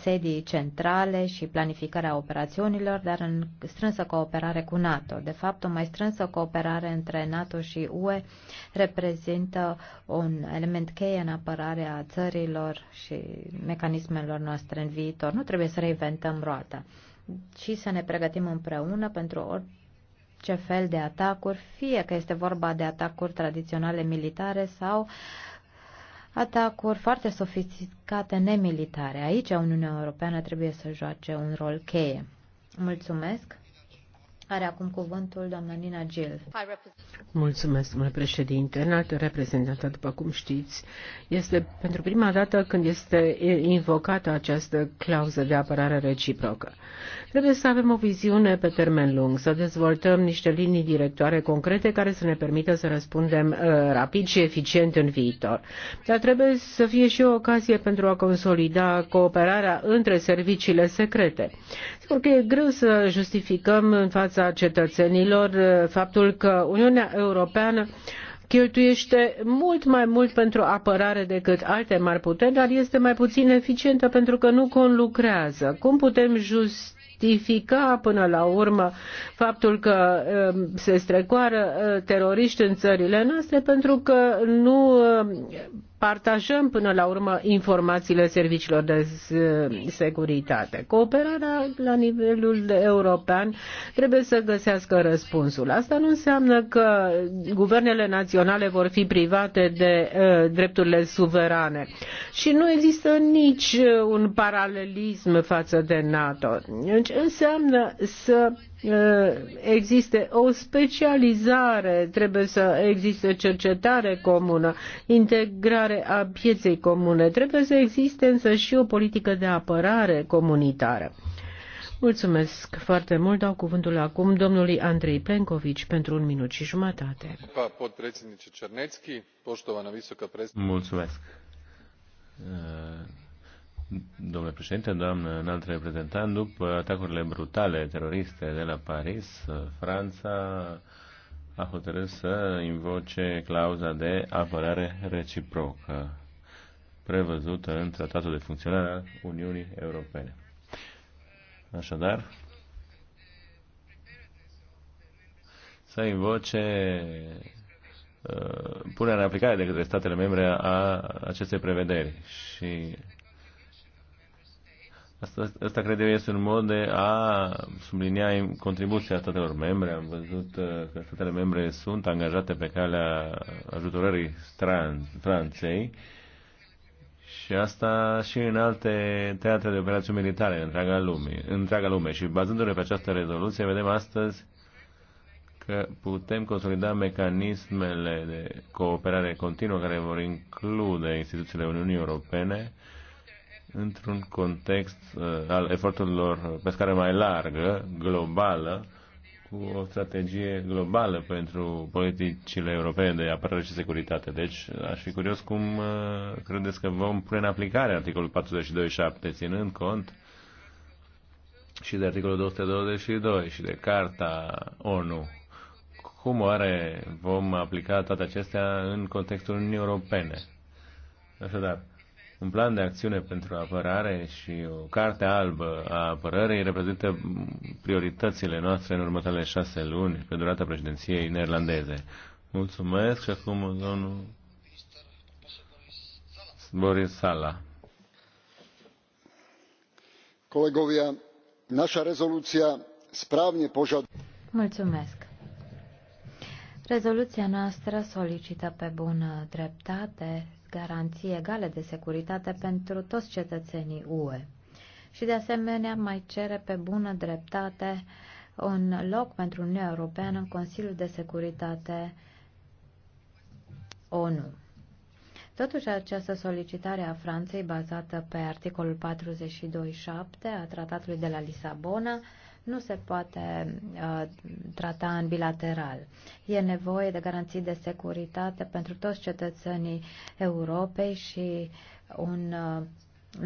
sedii centrale și planificarea operațiunilor, dar în strânsă cooperare cu NATO. De fapt, o mai strânsă cooperare între NATO și UE reprezintă un element cheie în apărarea țărilor și mecanismelor noastre în viitor. Nu trebuie să reinventăm roata ci să ne pregătim împreună pentru orice orice fel de atacuri, fie că este vorba de atacuri tradiționale militare sau atacuri foarte sofisticate nemilitare. Aici Uniunea Europeană trebuie să joace un rol cheie. Mulțumesc! Are acum cuvântul doamna Nina Gil. Mulțumesc, domnule președinte. Înaltă reprezentantă, după cum știți, este pentru prima dată când este invocată această clauză de apărare reciprocă. Trebuie să avem o viziune pe termen lung, să dezvoltăm niște linii directoare concrete care să ne permită să răspundem uh, rapid și eficient în viitor. Dar trebuie să fie și o ocazie pentru a consolida cooperarea între serviciile secrete. Sigur că e greu să justificăm în fața viața cetățenilor uh, faptul că Uniunea Europeană cheltuiește mult mai mult pentru apărare decât alte mari puteri, dar este mai puțin eficientă pentru că nu conlucrează. Cum putem justifica justifica până la urmă faptul că um, se strecoară uh, teroriști în țările noastre pentru că nu uh, partajăm până la urmă informațiile serviciilor de securitate. Cooperarea la nivelul european trebuie să găsească răspunsul. Asta nu înseamnă că guvernele naționale vor fi private de uh, drepturile suverane. Și nu există nici un paralelism față de NATO. Deci înseamnă să existe o specializare, trebuie să existe cercetare comună, integrare a pieței comune, trebuie să existe însă și o politică de apărare comunitară. Mulțumesc foarte mult. Dau cuvântul acum domnului Andrei Plenković pentru un minut și jumătate. Mulțumesc. Domnule președinte, doamnă înalt reprezentant, după atacurile brutale teroriste de la Paris, Franța a hotărât să invoce clauza de apărare reciprocă prevăzută în Tratatul de Funcționare a Uniunii Europene. Așadar, să invoce uh, punerea în aplicare de către statele membre a acestei prevederi și Asta, asta cred eu este un mod de a sublinia contribuția statelor membre. Am văzut uh, că statele membre sunt angajate pe calea ajutorării Franței și asta și în alte teatre de operații militare în întreaga lume. Întreaga lume. Și bazându-ne pe această rezoluție, vedem astăzi că putem consolida mecanismele de cooperare continuă care vor include instituțiile Uniunii Europene, într-un context uh, al eforturilor pe scară mai largă, globală, cu o strategie globală pentru politicile europene de apărare și securitate. Deci aș fi curios cum uh, credeți că vom pune în aplicare articolul 42.7, ținând cont și de articolul 222 și de Carta ONU. Cum oare vom aplica toate acestea în contextul Uniunii Europene? Așadar, un plan de acțiune pentru apărare și o carte albă a apărării reprezintă prioritățile noastre în următoarele șase luni pe durata președinției neerlandeze. Mulțumesc și acum domnul Boris Sala. Colegovia, nașa rezoluția spravne pojad... Mulțumesc. Rezoluția noastră solicită pe bună dreptate garanții egale de securitate pentru toți cetățenii UE. Și de asemenea mai cere pe bună dreptate un loc pentru Uniunea Europeană în Consiliul de Securitate ONU. Totuși, această solicitare a Franței, bazată pe articolul 42.7 a Tratatului de la Lisabona, nu se poate uh, trata în bilateral. E nevoie de garanții de securitate pentru toți cetățenii Europei și un uh,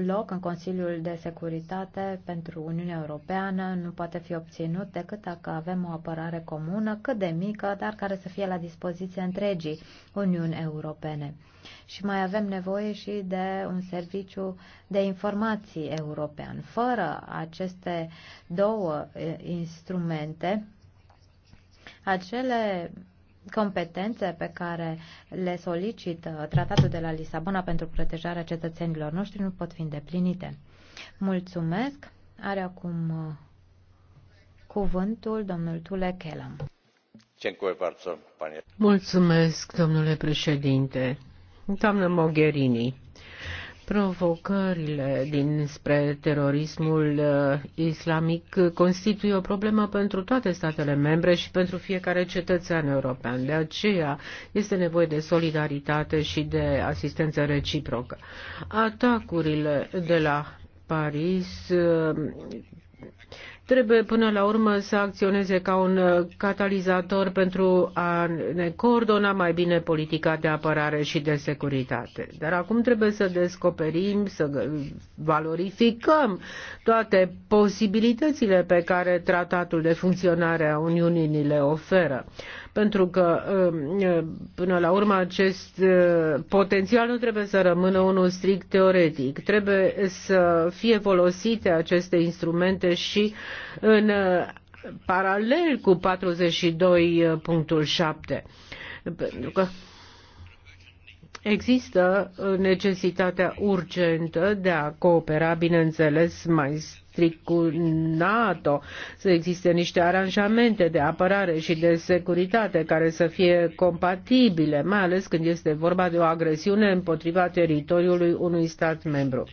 loc în Consiliul de Securitate pentru Uniunea Europeană nu poate fi obținut decât dacă avem o apărare comună cât de mică, dar care să fie la dispoziția întregii Uniuni Europene. Și mai avem nevoie și de un serviciu de informații european. Fără aceste două eh, instrumente, acele competențe pe care le solicită tratatul de la Lisabona pentru protejarea cetățenilor noștri nu pot fi îndeplinite. Mulțumesc. Are acum uh, cuvântul domnul Tule Kelam. Mulțumesc, domnule președinte. Doamnă Mogherini, Provocările dinspre terorismul uh, islamic constituie o problemă pentru toate statele membre și pentru fiecare cetățean european. De aceea este nevoie de solidaritate și de asistență reciprocă. Atacurile de la Paris uh, trebuie până la urmă să acționeze ca un uh, catalizator pentru a ne coordona mai bine politica de apărare și de securitate. Dar acum trebuie să descoperim, să valorificăm toate posibilitățile pe care tratatul de funcționare a Uniunii ni le oferă pentru că um, până la urmă acest uh, potențial nu trebuie să rămână unul strict teoretic. Trebuie să fie folosite aceste instrumente și în uh, paralel cu 42.7. Pentru că Există necesitatea urgentă de a coopera, bineînțeles, mai strict cu NATO, să existe niște aranjamente de apărare și de securitate care să fie compatibile, mai ales când este vorba de o agresiune împotriva teritoriului unui stat membru.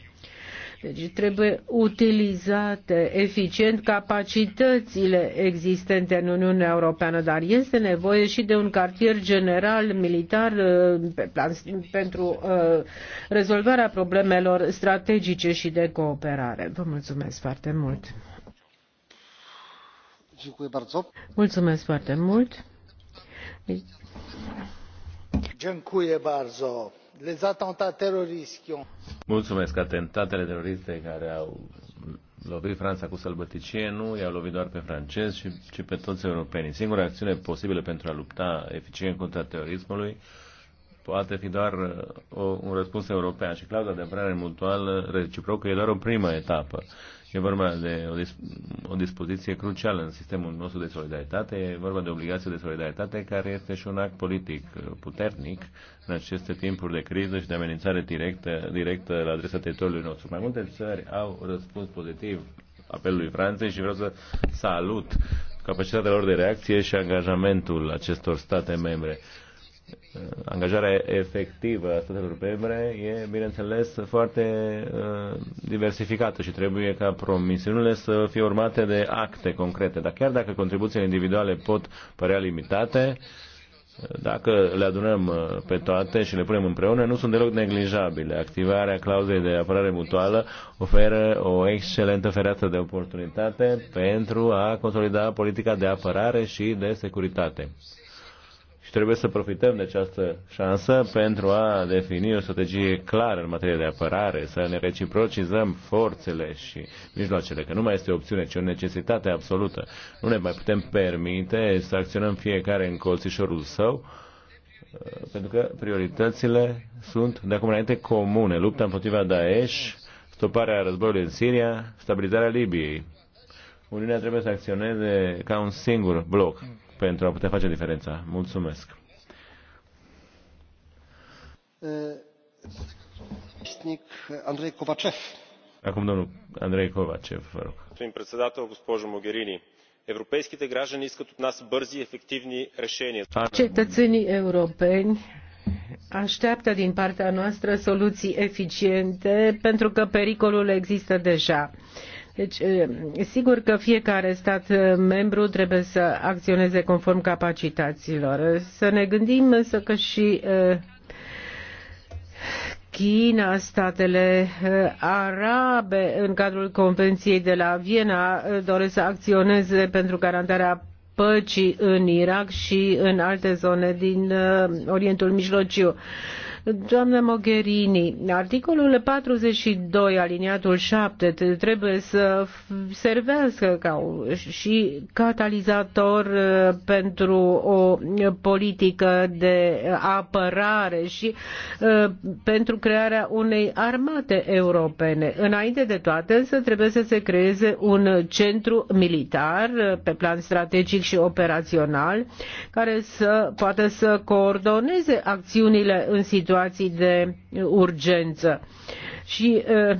Deci trebuie utilizate eficient capacitățile existente în Uniunea Europeană, dar este nevoie și de un cartier general militar uh, pe plan, pentru uh, rezolvarea problemelor strategice și de cooperare. Vă mulțumesc foarte mult! Mulțumesc foarte mult! Dziękuję bardzo les attentats terroristes qui ont... Mulțumesc. Atentatele teroriste care au lovit Franța cu sălbăticie nu i-au lovit doar pe francezi, ci, ci pe toți europenii. Singura acțiune posibilă pentru a lupta eficient contra terorismului poate fi doar uh, o, un răspuns european și clauza de apărare mutuală reciprocă e doar o primă etapă. E vorba de o, dis- o dispoziție crucială în sistemul nostru de solidaritate, e vorba de obligație de solidaritate care este și un act politic puternic în aceste timpuri de criză și de amenințare directă, directă la adresa teritoriului nostru. Mai multe țări au răspuns pozitiv apelului Franței și vreau să salut capacitatea lor de reacție și angajamentul acestor state membre angajarea efectivă a statelor membre e, bineînțeles, foarte uh, diversificată și trebuie ca promisiunile să fie urmate de acte concrete. Dar chiar dacă contribuțiile individuale pot părea limitate, dacă le adunăm uh, pe toate și le punem împreună, nu sunt deloc neglijabile. Activarea clauzei de apărare mutuală oferă o excelentă fereastră de oportunitate pentru a consolida politica de apărare și de securitate. Și trebuie să profităm de această șansă pentru a defini o strategie clară în materie de apărare, să ne reciprocizăm forțele și mijloacele, că nu mai este o opțiune, ci o necesitate absolută. Nu ne mai putem permite să acționăm fiecare în colțișorul său, pentru că prioritățile sunt de acum înainte comune. Lupta împotriva Daesh, stoparea războiului în Siria, stabilizarea Libiei. Uniunea trebuie să acționeze ca un singur bloc, pentru a putea face diferența. Mulțumesc! Andrei Kovacev. Acum domnul Andrei Kovacev, vă rog. Prin председател, госпожо Могерини, европейските граждани искат от нас бързи и ефективни решения. Cetățenii europeni așteaptă din partea noastră soluții eficiente pentru că pericolul există deja deci, sigur că fiecare stat membru trebuie să acționeze conform capacităților. Să ne gândim însă că și China, statele arabe, în cadrul Convenției de la Viena, doresc să acționeze pentru garantarea păcii în Irak și în alte zone din Orientul Mijlociu. Doamna Mogherini, articolul 42, aliniatul 7, trebuie să servească ca și catalizator uh, pentru o politică de apărare și uh, pentru crearea unei armate europene. Înainte de toate, însă, trebuie să se creeze un centru militar uh, pe plan strategic și operațional care să poată să coordoneze acțiunile în situații situații de urgență. Și uh,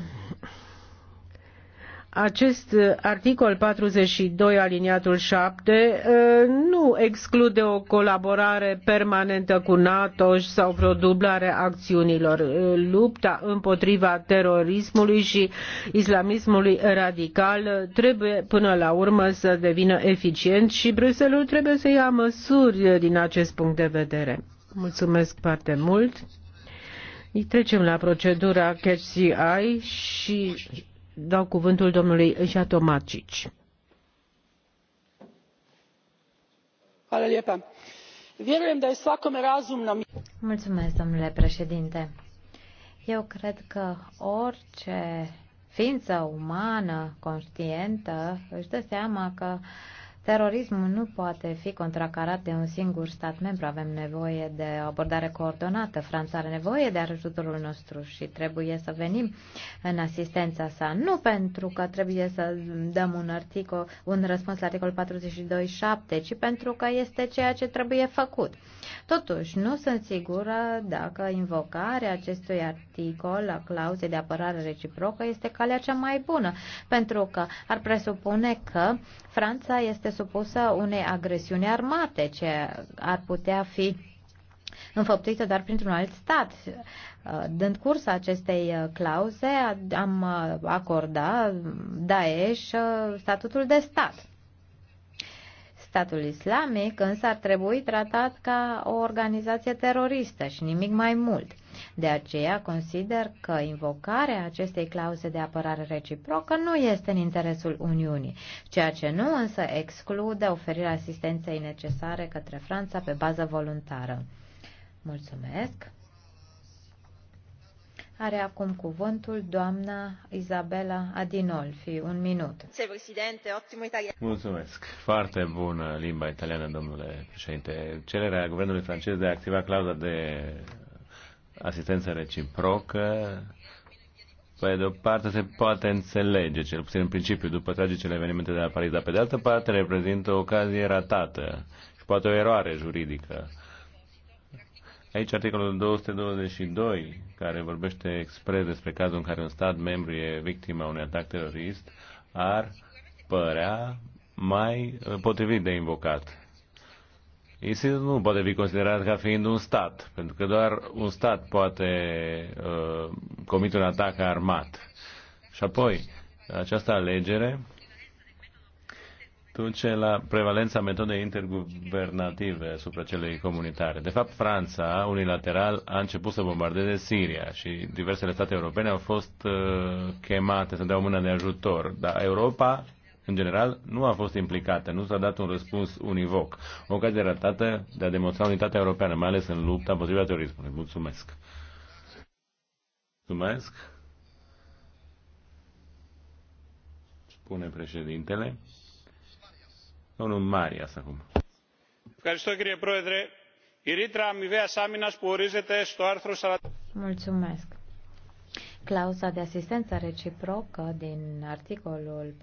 acest articol 42 aliniatul 7 uh, nu exclude o colaborare permanentă cu NATO sau vreo dublare a acțiunilor. Uh, lupta împotriva terorismului și islamismului radical trebuie până la urmă să devină eficient și bruselul trebuie să ia măsuri din acest punct de vedere. Mulțumesc foarte mult. Îi trecem la procedura Catch the Eye și dau cuvântul domnului Jatomacici. Hvala lijepa. Vjerujem da je svakome Mulțumesc, domnule președinte. Eu cred că orice ființă umană conștientă își dă seama că uh, Terorismul nu poate fi contracarat de un singur stat membru. Avem nevoie de o abordare coordonată. Franța are nevoie de ajutorul nostru și trebuie să venim în asistența sa. Nu pentru că trebuie să dăm un, articol, un răspuns la articolul 42.7, ci pentru că este ceea ce trebuie făcut. Totuși, nu sunt sigură dacă invocarea acestui articol la clauze de apărare reciprocă este calea cea mai bună, pentru că ar presupune că Franța este supusă unei agresiuni armate, ce ar putea fi înfăptuită doar printr-un alt stat. Uh, dând curs acestei uh, clauze, am uh, acordat Daesh statutul de stat. Statul islamic însă ar trebui tratat ca o organizație teroristă și nimic mai mult. De aceea consider că invocarea acestei clauze de apărare reciprocă nu este în interesul Uniunii, ceea ce nu însă exclude oferirea asistenței necesare către Franța pe bază voluntară. Mulțumesc! Are acum cuvântul doamna Isabela Adinolfi. Un minut. Mulțumesc. Foarte bună limba italiană, domnule președinte. Cererea guvernului francez de a activa clauza de asistență reciprocă pe de o parte se poate înțelege, cel puțin în principiu, după tragicele evenimente de la Paris, dar pe de altă parte reprezintă o ocazie ratată și poate o eroare juridică Aici articolul 222, care vorbește expres despre cazul în care un stat membru e victima unui atac terorist, ar părea mai uh, potrivit de invocat. ISIS nu poate fi considerat ca fiind un stat, pentru că doar un stat poate uh, comite un atac armat. Și apoi, această alegere duce la prevalența metodei interguvernative asupra celei comunitare. De fapt, Franța, unilateral, a început să bombardeze Siria și diversele state europene au fost uh, chemate să dea o mână de ajutor, dar Europa în general, nu a fost implicată, nu s-a dat un răspuns univoc. O ocazie ratată de a demonstra unitatea europeană, mai ales în lupta împotriva terorismului. Mulțumesc! Mulțumesc! Spune președintele. Domnul Marias acum. Mulțumesc. Clauza de asistență reciprocă din articolul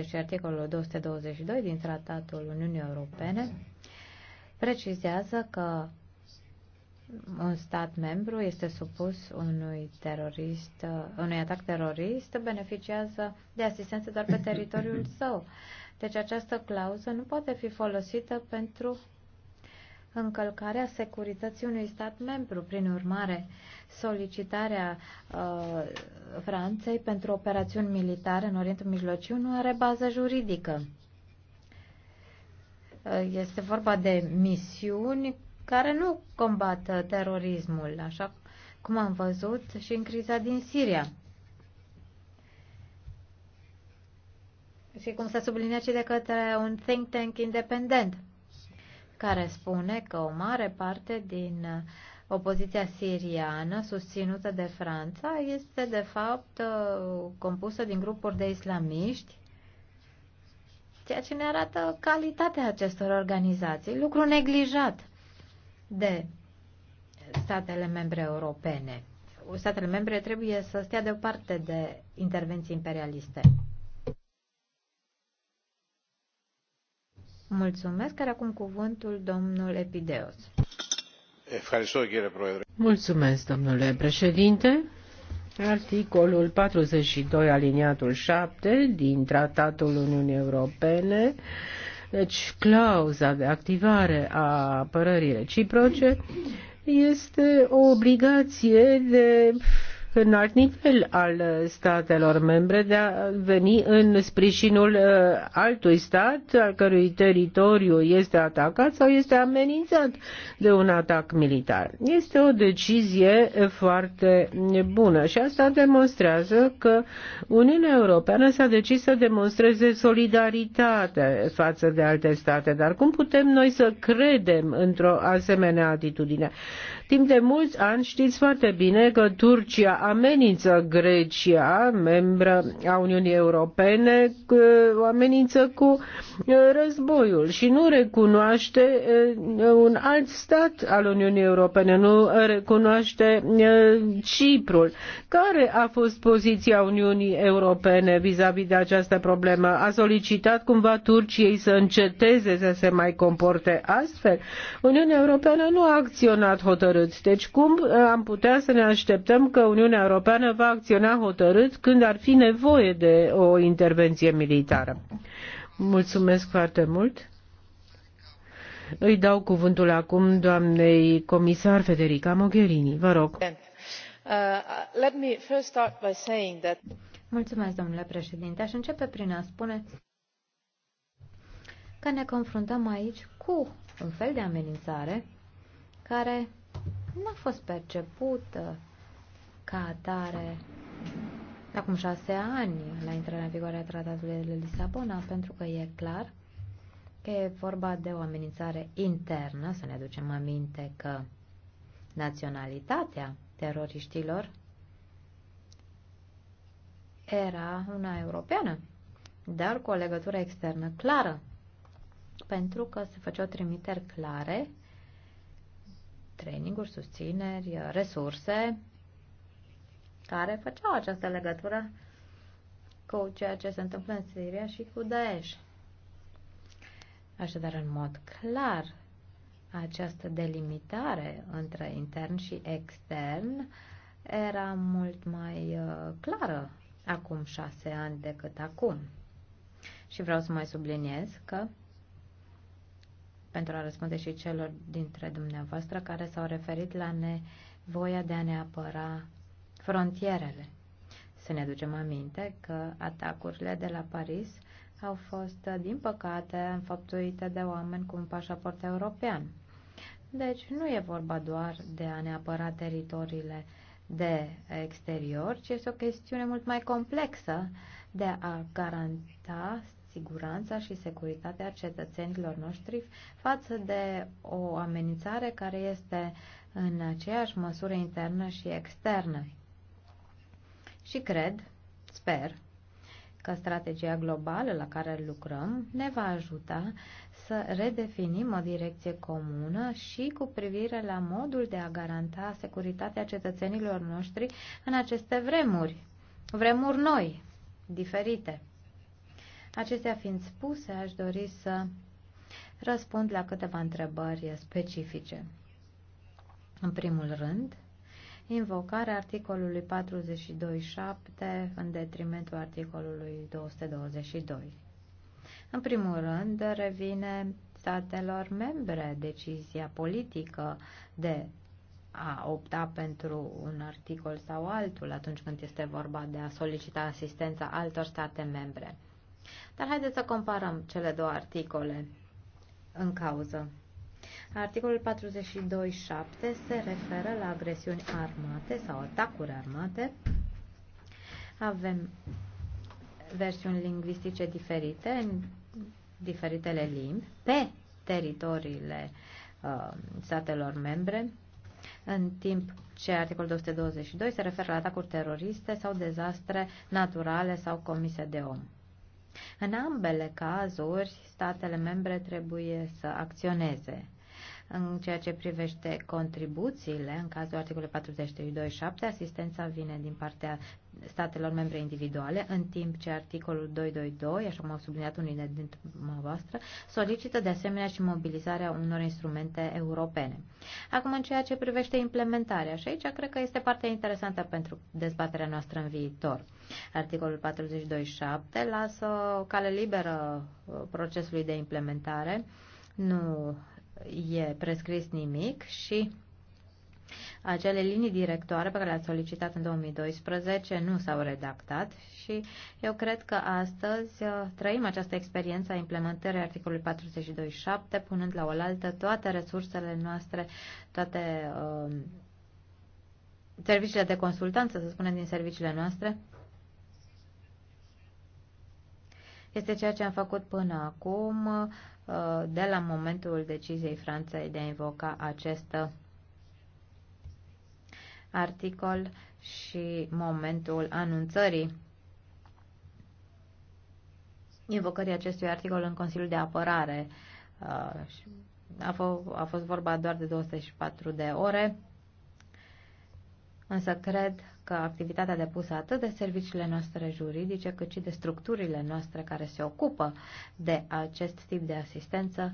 42.7 și articolul 222 din Tratatul Uniunii Europene precizează că un stat membru este supus unui terorist, unui atac terorist, beneficiază de asistență doar pe teritoriul său. Deci această clauză nu poate fi folosită pentru încălcarea securității unui stat membru. Prin urmare, solicitarea uh, Franței pentru operațiuni militare în Orientul Mijlociu nu are bază juridică. Uh, este vorba de misiuni care nu combat terorismul, așa cum am văzut și în criza din Siria. și cum s-a subliniat și de către un think tank independent, care spune că o mare parte din opoziția siriană susținută de Franța este de fapt compusă din grupuri de islamiști, ceea ce ne arată calitatea acestor organizații, lucru neglijat de statele membre europene. Statele membre trebuie să stea deoparte de intervenții imperialiste. Mulțumesc, care acum cuvântul domnul Epideos. Mulțumesc, domnule președinte. Articolul 42, aliniatul 7 din Tratatul Uniunii Europene, deci clauza de activare a apărării reciproce, este o obligație de în alt nivel al statelor membre de a veni în sprijinul uh, altui stat al cărui teritoriu este atacat sau este amenințat de un atac militar. Este o decizie foarte bună și asta demonstrează că Uniunea Europeană s-a decis să demonstreze solidaritate față de alte state. Dar cum putem noi să credem într-o asemenea atitudine? Timp de mulți ani știți foarte bine că Turcia amenință Grecia, membră a Uniunii Europene, o amenință cu războiul și nu recunoaște un alt stat al Uniunii Europene, nu recunoaște Ciprul. Care a fost poziția Uniunii Europene vis-a-vis -vis de această problemă? A solicitat cumva Turciei să înceteze să se mai comporte astfel? Uniunea Europeană nu a acționat hotărât hotărât. Deci cum uh, am putea să ne așteptăm că Uniunea Europeană va acționa hotărât când ar fi nevoie de o intervenție militară? Mulțumesc foarte mult. Îi dau cuvântul acum doamnei comisar Federica Mogherini. Vă rog. Uh, Mulțumesc, domnule președinte. Aș începe prin a spune că ne confruntăm aici cu un fel de amenințare care n-a fost percepută ca atare acum șase ani la intrarea în vigoare a tratatului de Lisabona, pentru că e clar că e vorba de o amenințare internă, să ne aducem aminte că naționalitatea teroriștilor era una europeană, dar cu o legătură externă clară, pentru că se făceau trimiteri clare traininguri, susțineri, resurse care făceau această legătură cu ceea ce se întâmplă în Siria și cu Daesh. Așadar, în mod clar, această delimitare între intern și extern era mult mai uh, clară acum șase ani decât acum. Și vreau să mai subliniez că pentru a răspunde și celor dintre dumneavoastră care s-au referit la nevoia de a ne apăra frontierele. Să ne ducem aminte că atacurile de la Paris au fost, din păcate, înfăptuite de oameni cu un pașaport european. Deci nu e vorba doar de a ne apăra teritoriile de exterior, ci este o chestiune mult mai complexă de a garanta siguranța și securitatea cetățenilor noștri față de o amenințare care este în aceeași măsură internă și externă. Și cred, sper, că strategia globală la care lucrăm ne va ajuta să redefinim o direcție comună și cu privire la modul de a garanta securitatea cetățenilor noștri în aceste vremuri, vremuri noi, diferite. Acestea fiind spuse, aș dori să răspund la câteva întrebări specifice. În primul rând, invocarea articolului 42.7 în detrimentul articolului 222. În primul rând, revine statelor membre decizia politică de a opta pentru un articol sau altul atunci când este vorba de a solicita asistența altor state membre. Dar haideți să comparăm cele două articole în cauză. Articolul 42.7 se referă la agresiuni armate sau atacuri armate. Avem versiuni lingvistice diferite în diferitele limbi pe teritoriile uh, statelor membre, în timp ce articolul 222 se referă la atacuri teroriste sau dezastre naturale sau comise de om. În ambele cazuri, statele membre trebuie să acționeze. În ceea ce privește contribuțiile, în cazul articolului 42.7, asistența vine din partea statelor membre individuale, în timp ce articolul 222, așa cum au subliniat unii dintre voastră, solicită de asemenea și mobilizarea unor instrumente europene. Acum, în ceea ce privește implementarea, și aici cred că este partea interesantă pentru dezbaterea noastră în viitor. Articolul 42.7 lasă o cale liberă uh, procesului de implementare, nu e prescris nimic și acele linii directoare pe care le-ați solicitat în 2012 nu s-au redactat și eu cred că astăzi uh, trăim această experiență a implementării articolului 42.7, punând la oaltă toate resursele noastre, toate uh, serviciile de consultanță, să spunem, din serviciile noastre. Este ceea ce am făcut până acum Uh, de la momentul deciziei Franței de a invoca acest articol și momentul anunțării invocării acestui articol în Consiliul de Apărare. Uh, a, a fost vorba doar de 24 de ore, însă cred activitatea depusă atât de serviciile noastre juridice, cât și de structurile noastre care se ocupă de acest tip de asistență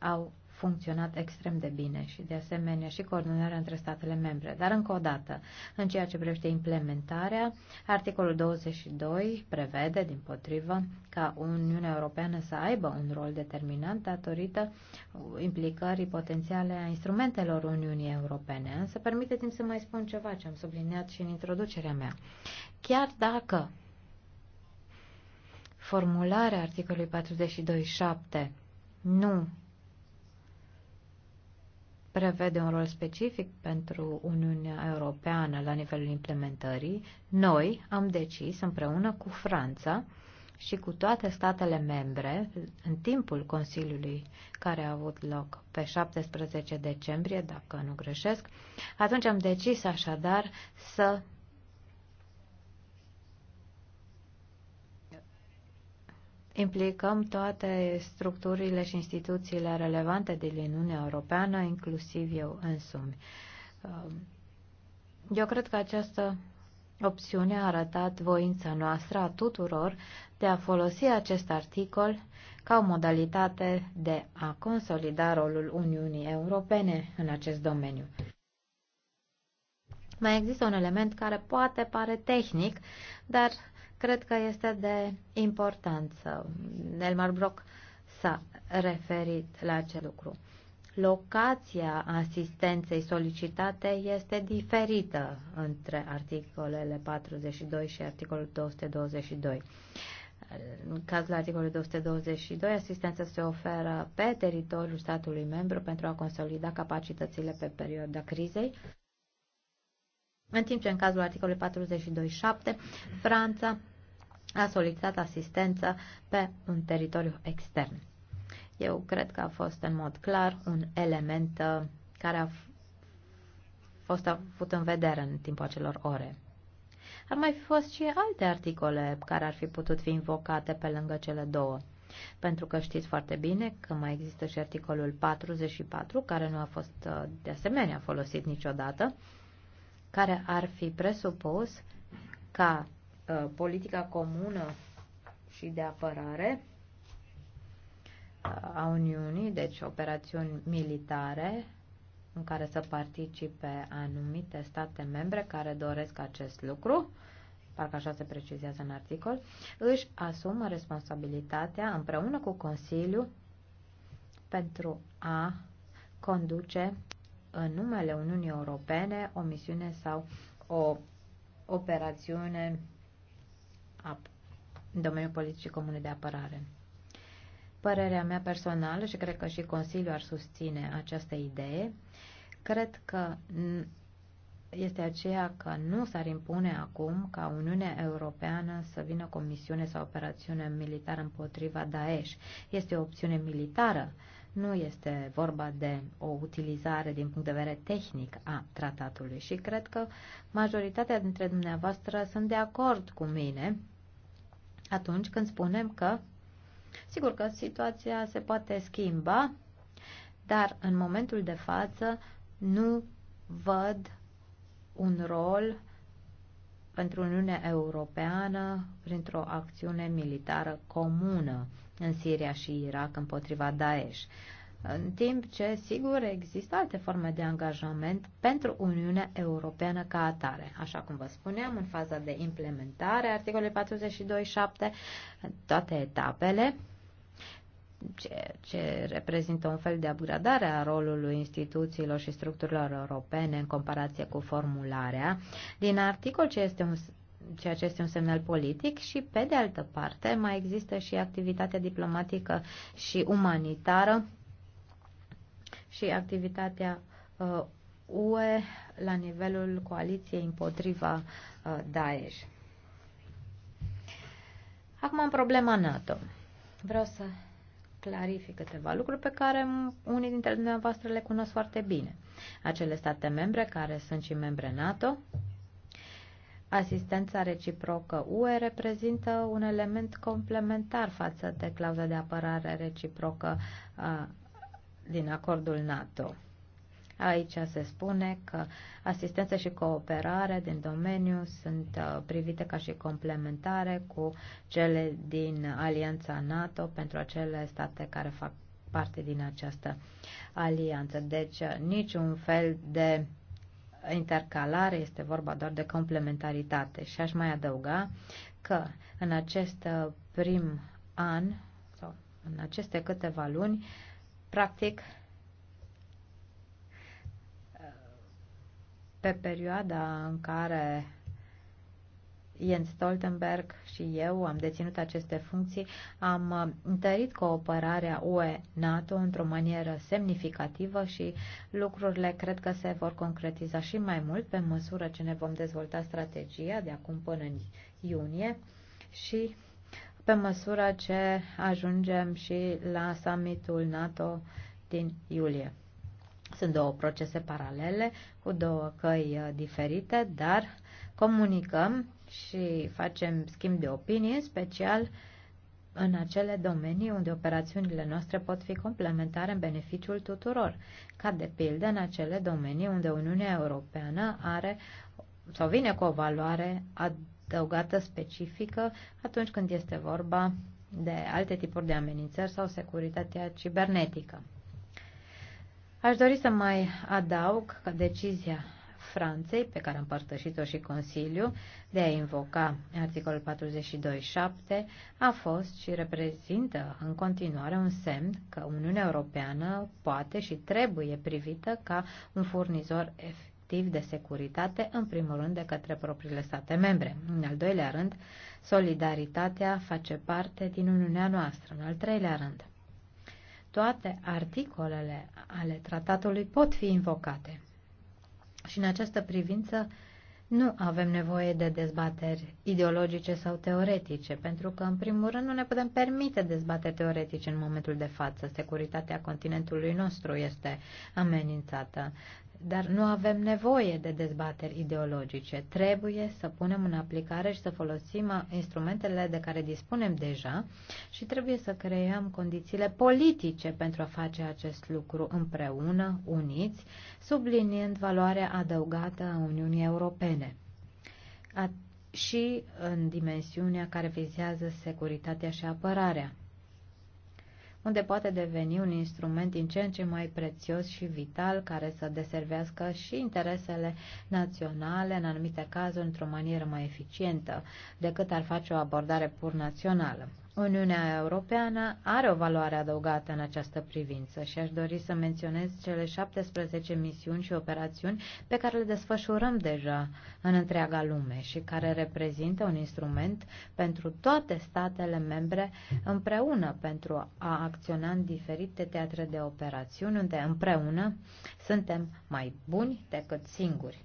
au funcționat extrem de bine și, de asemenea, și coordonarea între statele membre. Dar, încă o dată, în ceea ce privește implementarea, articolul 22 prevede, din potrivă, ca Uniunea Europeană să aibă un rol determinant datorită implicării potențiale a instrumentelor Uniunii Europene. Însă, permiteți-mi să mai spun ceva ce am subliniat și în introducerea mea. Chiar dacă formularea articolului 42.7 nu prevede un rol specific pentru Uniunea Europeană la nivelul implementării, noi am decis împreună cu Franța și cu toate statele membre, în timpul Consiliului care a avut loc pe 17 decembrie, dacă nu greșesc, atunci am decis așadar să implicăm toate structurile și instituțiile relevante din Uniunea Europeană, inclusiv eu însumi. Um, eu cred că această opțiune a arătat voința noastră a tuturor de a folosi acest articol ca o modalitate de a consolida rolul Uniunii Europene în acest domeniu. Mai există un element care poate pare tehnic, dar cred că este de importanță. Elmar Brock s-a referit la acest lucru. Locația asistenței solicitate este diferită între articolele 42 și articolul 222. În cazul articolului 222, asistența se oferă pe teritoriul statului membru pentru a consolida capacitățile pe perioada crizei. În timp ce în cazul articolului 42.7, Franța a solicitat asistență pe un teritoriu extern. Eu cred că a fost în mod clar un element uh, care a fost avut în vedere în timpul acelor ore. Ar mai fi fost și alte articole care ar fi putut fi invocate pe lângă cele două. Pentru că știți foarte bine că mai există și articolul 44, care nu a fost uh, de asemenea folosit niciodată, care ar fi presupus ca Uh, politica comună și de apărare uh, a Uniunii, deci operațiuni militare în care să participe anumite state membre care doresc acest lucru, parcă așa se precizează în articol, își asumă responsabilitatea împreună cu Consiliul pentru a conduce în numele Uniunii Europene o misiune sau o operațiune în domeniul politicii comune de apărare. Părerea mea personală și cred că și Consiliul ar susține această idee, cred că este aceea că nu s-ar impune acum ca Uniunea Europeană să vină cu o misiune sau operațiune militară împotriva Daesh. Este o opțiune militară uh, nu este vorba de o utilizare din punct de vedere tehnic a tratatului și cred că majoritatea dintre dumneavoastră sunt de acord cu mine atunci când spunem că, sigur că situația se poate schimba, dar în momentul de față nu văd un rol pentru Uniunea Europeană printr-o acțiune militară comună în Siria și Irak împotriva Daesh. În timp ce, sigur, există alte forme de angajament pentru Uniunea Europeană ca atare. Așa cum vă spuneam, în faza de implementare, articolul 42.7, toate etapele, ce, ce reprezintă un fel de upgradare a rolului instituțiilor și structurilor europene în comparație cu formularea din articol ce este un ceea ce este un semnal politic și, pe de altă parte, mai există și activitatea diplomatică și umanitară și activitatea uh, UE la nivelul coaliției împotriva uh, Daesh. Acum am problema NATO. Vreau să clarific câteva lucruri pe care unii dintre dumneavoastră le cunosc foarte bine. Acele state membre care sunt și membre NATO Asistența reciprocă UE reprezintă un element complementar față de clauza de apărare reciprocă a, din acordul NATO. Aici se spune că asistență și cooperare din domeniu sunt privite ca și complementare cu cele din Alianța NATO pentru acele state care fac parte din această alianță. Deci niciun fel de intercalare, este vorba doar de complementaritate. Și aș mai adăuga că în acest uh, prim an, sau în aceste câteva luni, practic, uh, pe perioada în care Jens Stoltenberg și eu am deținut aceste funcții, am uh, întărit cooperarea UE-NATO într-o manieră semnificativă și lucrurile cred că se vor concretiza și mai mult pe măsură ce ne vom dezvolta strategia de acum până în iunie și pe măsură ce ajungem și la summitul NATO din iulie. Sunt două procese paralele cu două căi uh, diferite, dar comunicăm și facem schimb de opinie, în special în acele domenii unde operațiunile noastre pot fi complementare în beneficiul tuturor, ca de pildă în acele domenii unde Uniunea Europeană are sau vine cu o valoare adăugată specifică atunci când este vorba de alte tipuri de amenințări sau securitatea cibernetică. Aș dori să mai adaug că decizia Franței, pe care am împărtășit-o și Consiliu, de a invoca articolul 42.7, a fost și reprezintă în continuare un semn că Uniunea Europeană poate și trebuie privită ca un furnizor efectiv de securitate, în primul rând de către propriile state membre. În al doilea rând, solidaritatea face parte din Uniunea noastră. În al treilea rând, toate articolele ale tratatului pot fi invocate în această privință nu avem nevoie de dezbateri ideologice sau teoretice, pentru că, în primul rând, nu ne putem permite dezbateri teoretice în momentul de față. Securitatea continentului nostru este amenințată. Dar nu avem nevoie de dezbateri ideologice. Trebuie să punem în aplicare și să folosim uh, instrumentele de care dispunem deja și trebuie să creăm condițiile politice pentru a face acest lucru împreună, uniți, subliniind valoarea adăugată a Uniunii Europene. A- și în dimensiunea care vizează securitatea și apărarea unde poate deveni un instrument din ce în ce mai prețios și vital care să deservească și interesele naționale, în anumite cazuri, într-o manieră mai eficientă decât ar face o abordare pur națională. Uniunea Europeană are o valoare adăugată în această privință și aș dori să menționez cele 17 misiuni și operațiuni pe care le desfășurăm deja în întreaga lume și care reprezintă un instrument pentru toate statele membre împreună pentru a acționa în diferite teatre de operațiuni unde împreună suntem mai buni decât singuri.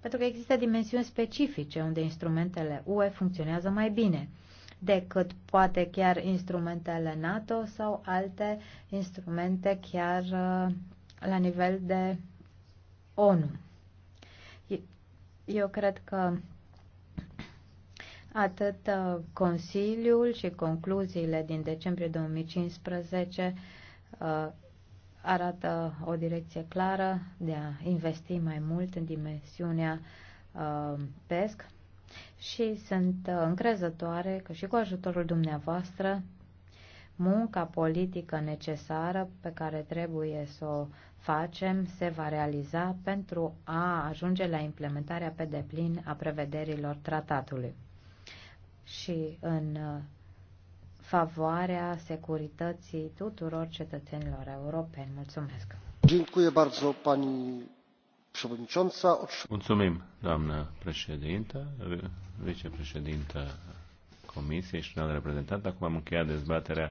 Pentru că există dimensiuni specifice unde instrumentele UE funcționează mai bine decât poate chiar instrumentele NATO sau alte instrumente chiar uh, la nivel de ONU. Eu cred că atât uh, Consiliul și concluziile din decembrie 2015 uh, arată o direcție clară de a investi mai mult în dimensiunea PESC și sunt uh, încrezătoare că și cu ajutorul dumneavoastră munca politică necesară pe care trebuie să o facem se va realiza pentru a ajunge la implementarea pe deplin a prevederilor tratatului și în uh, favoarea securității tuturor cetățenilor europeni. Mulțumesc! Dziękuję bardzo pani Mulțumim, doamnă președintă, vicepreședintă Comisiei și doamnă reprezentant. Acum am încheiat dezbaterea.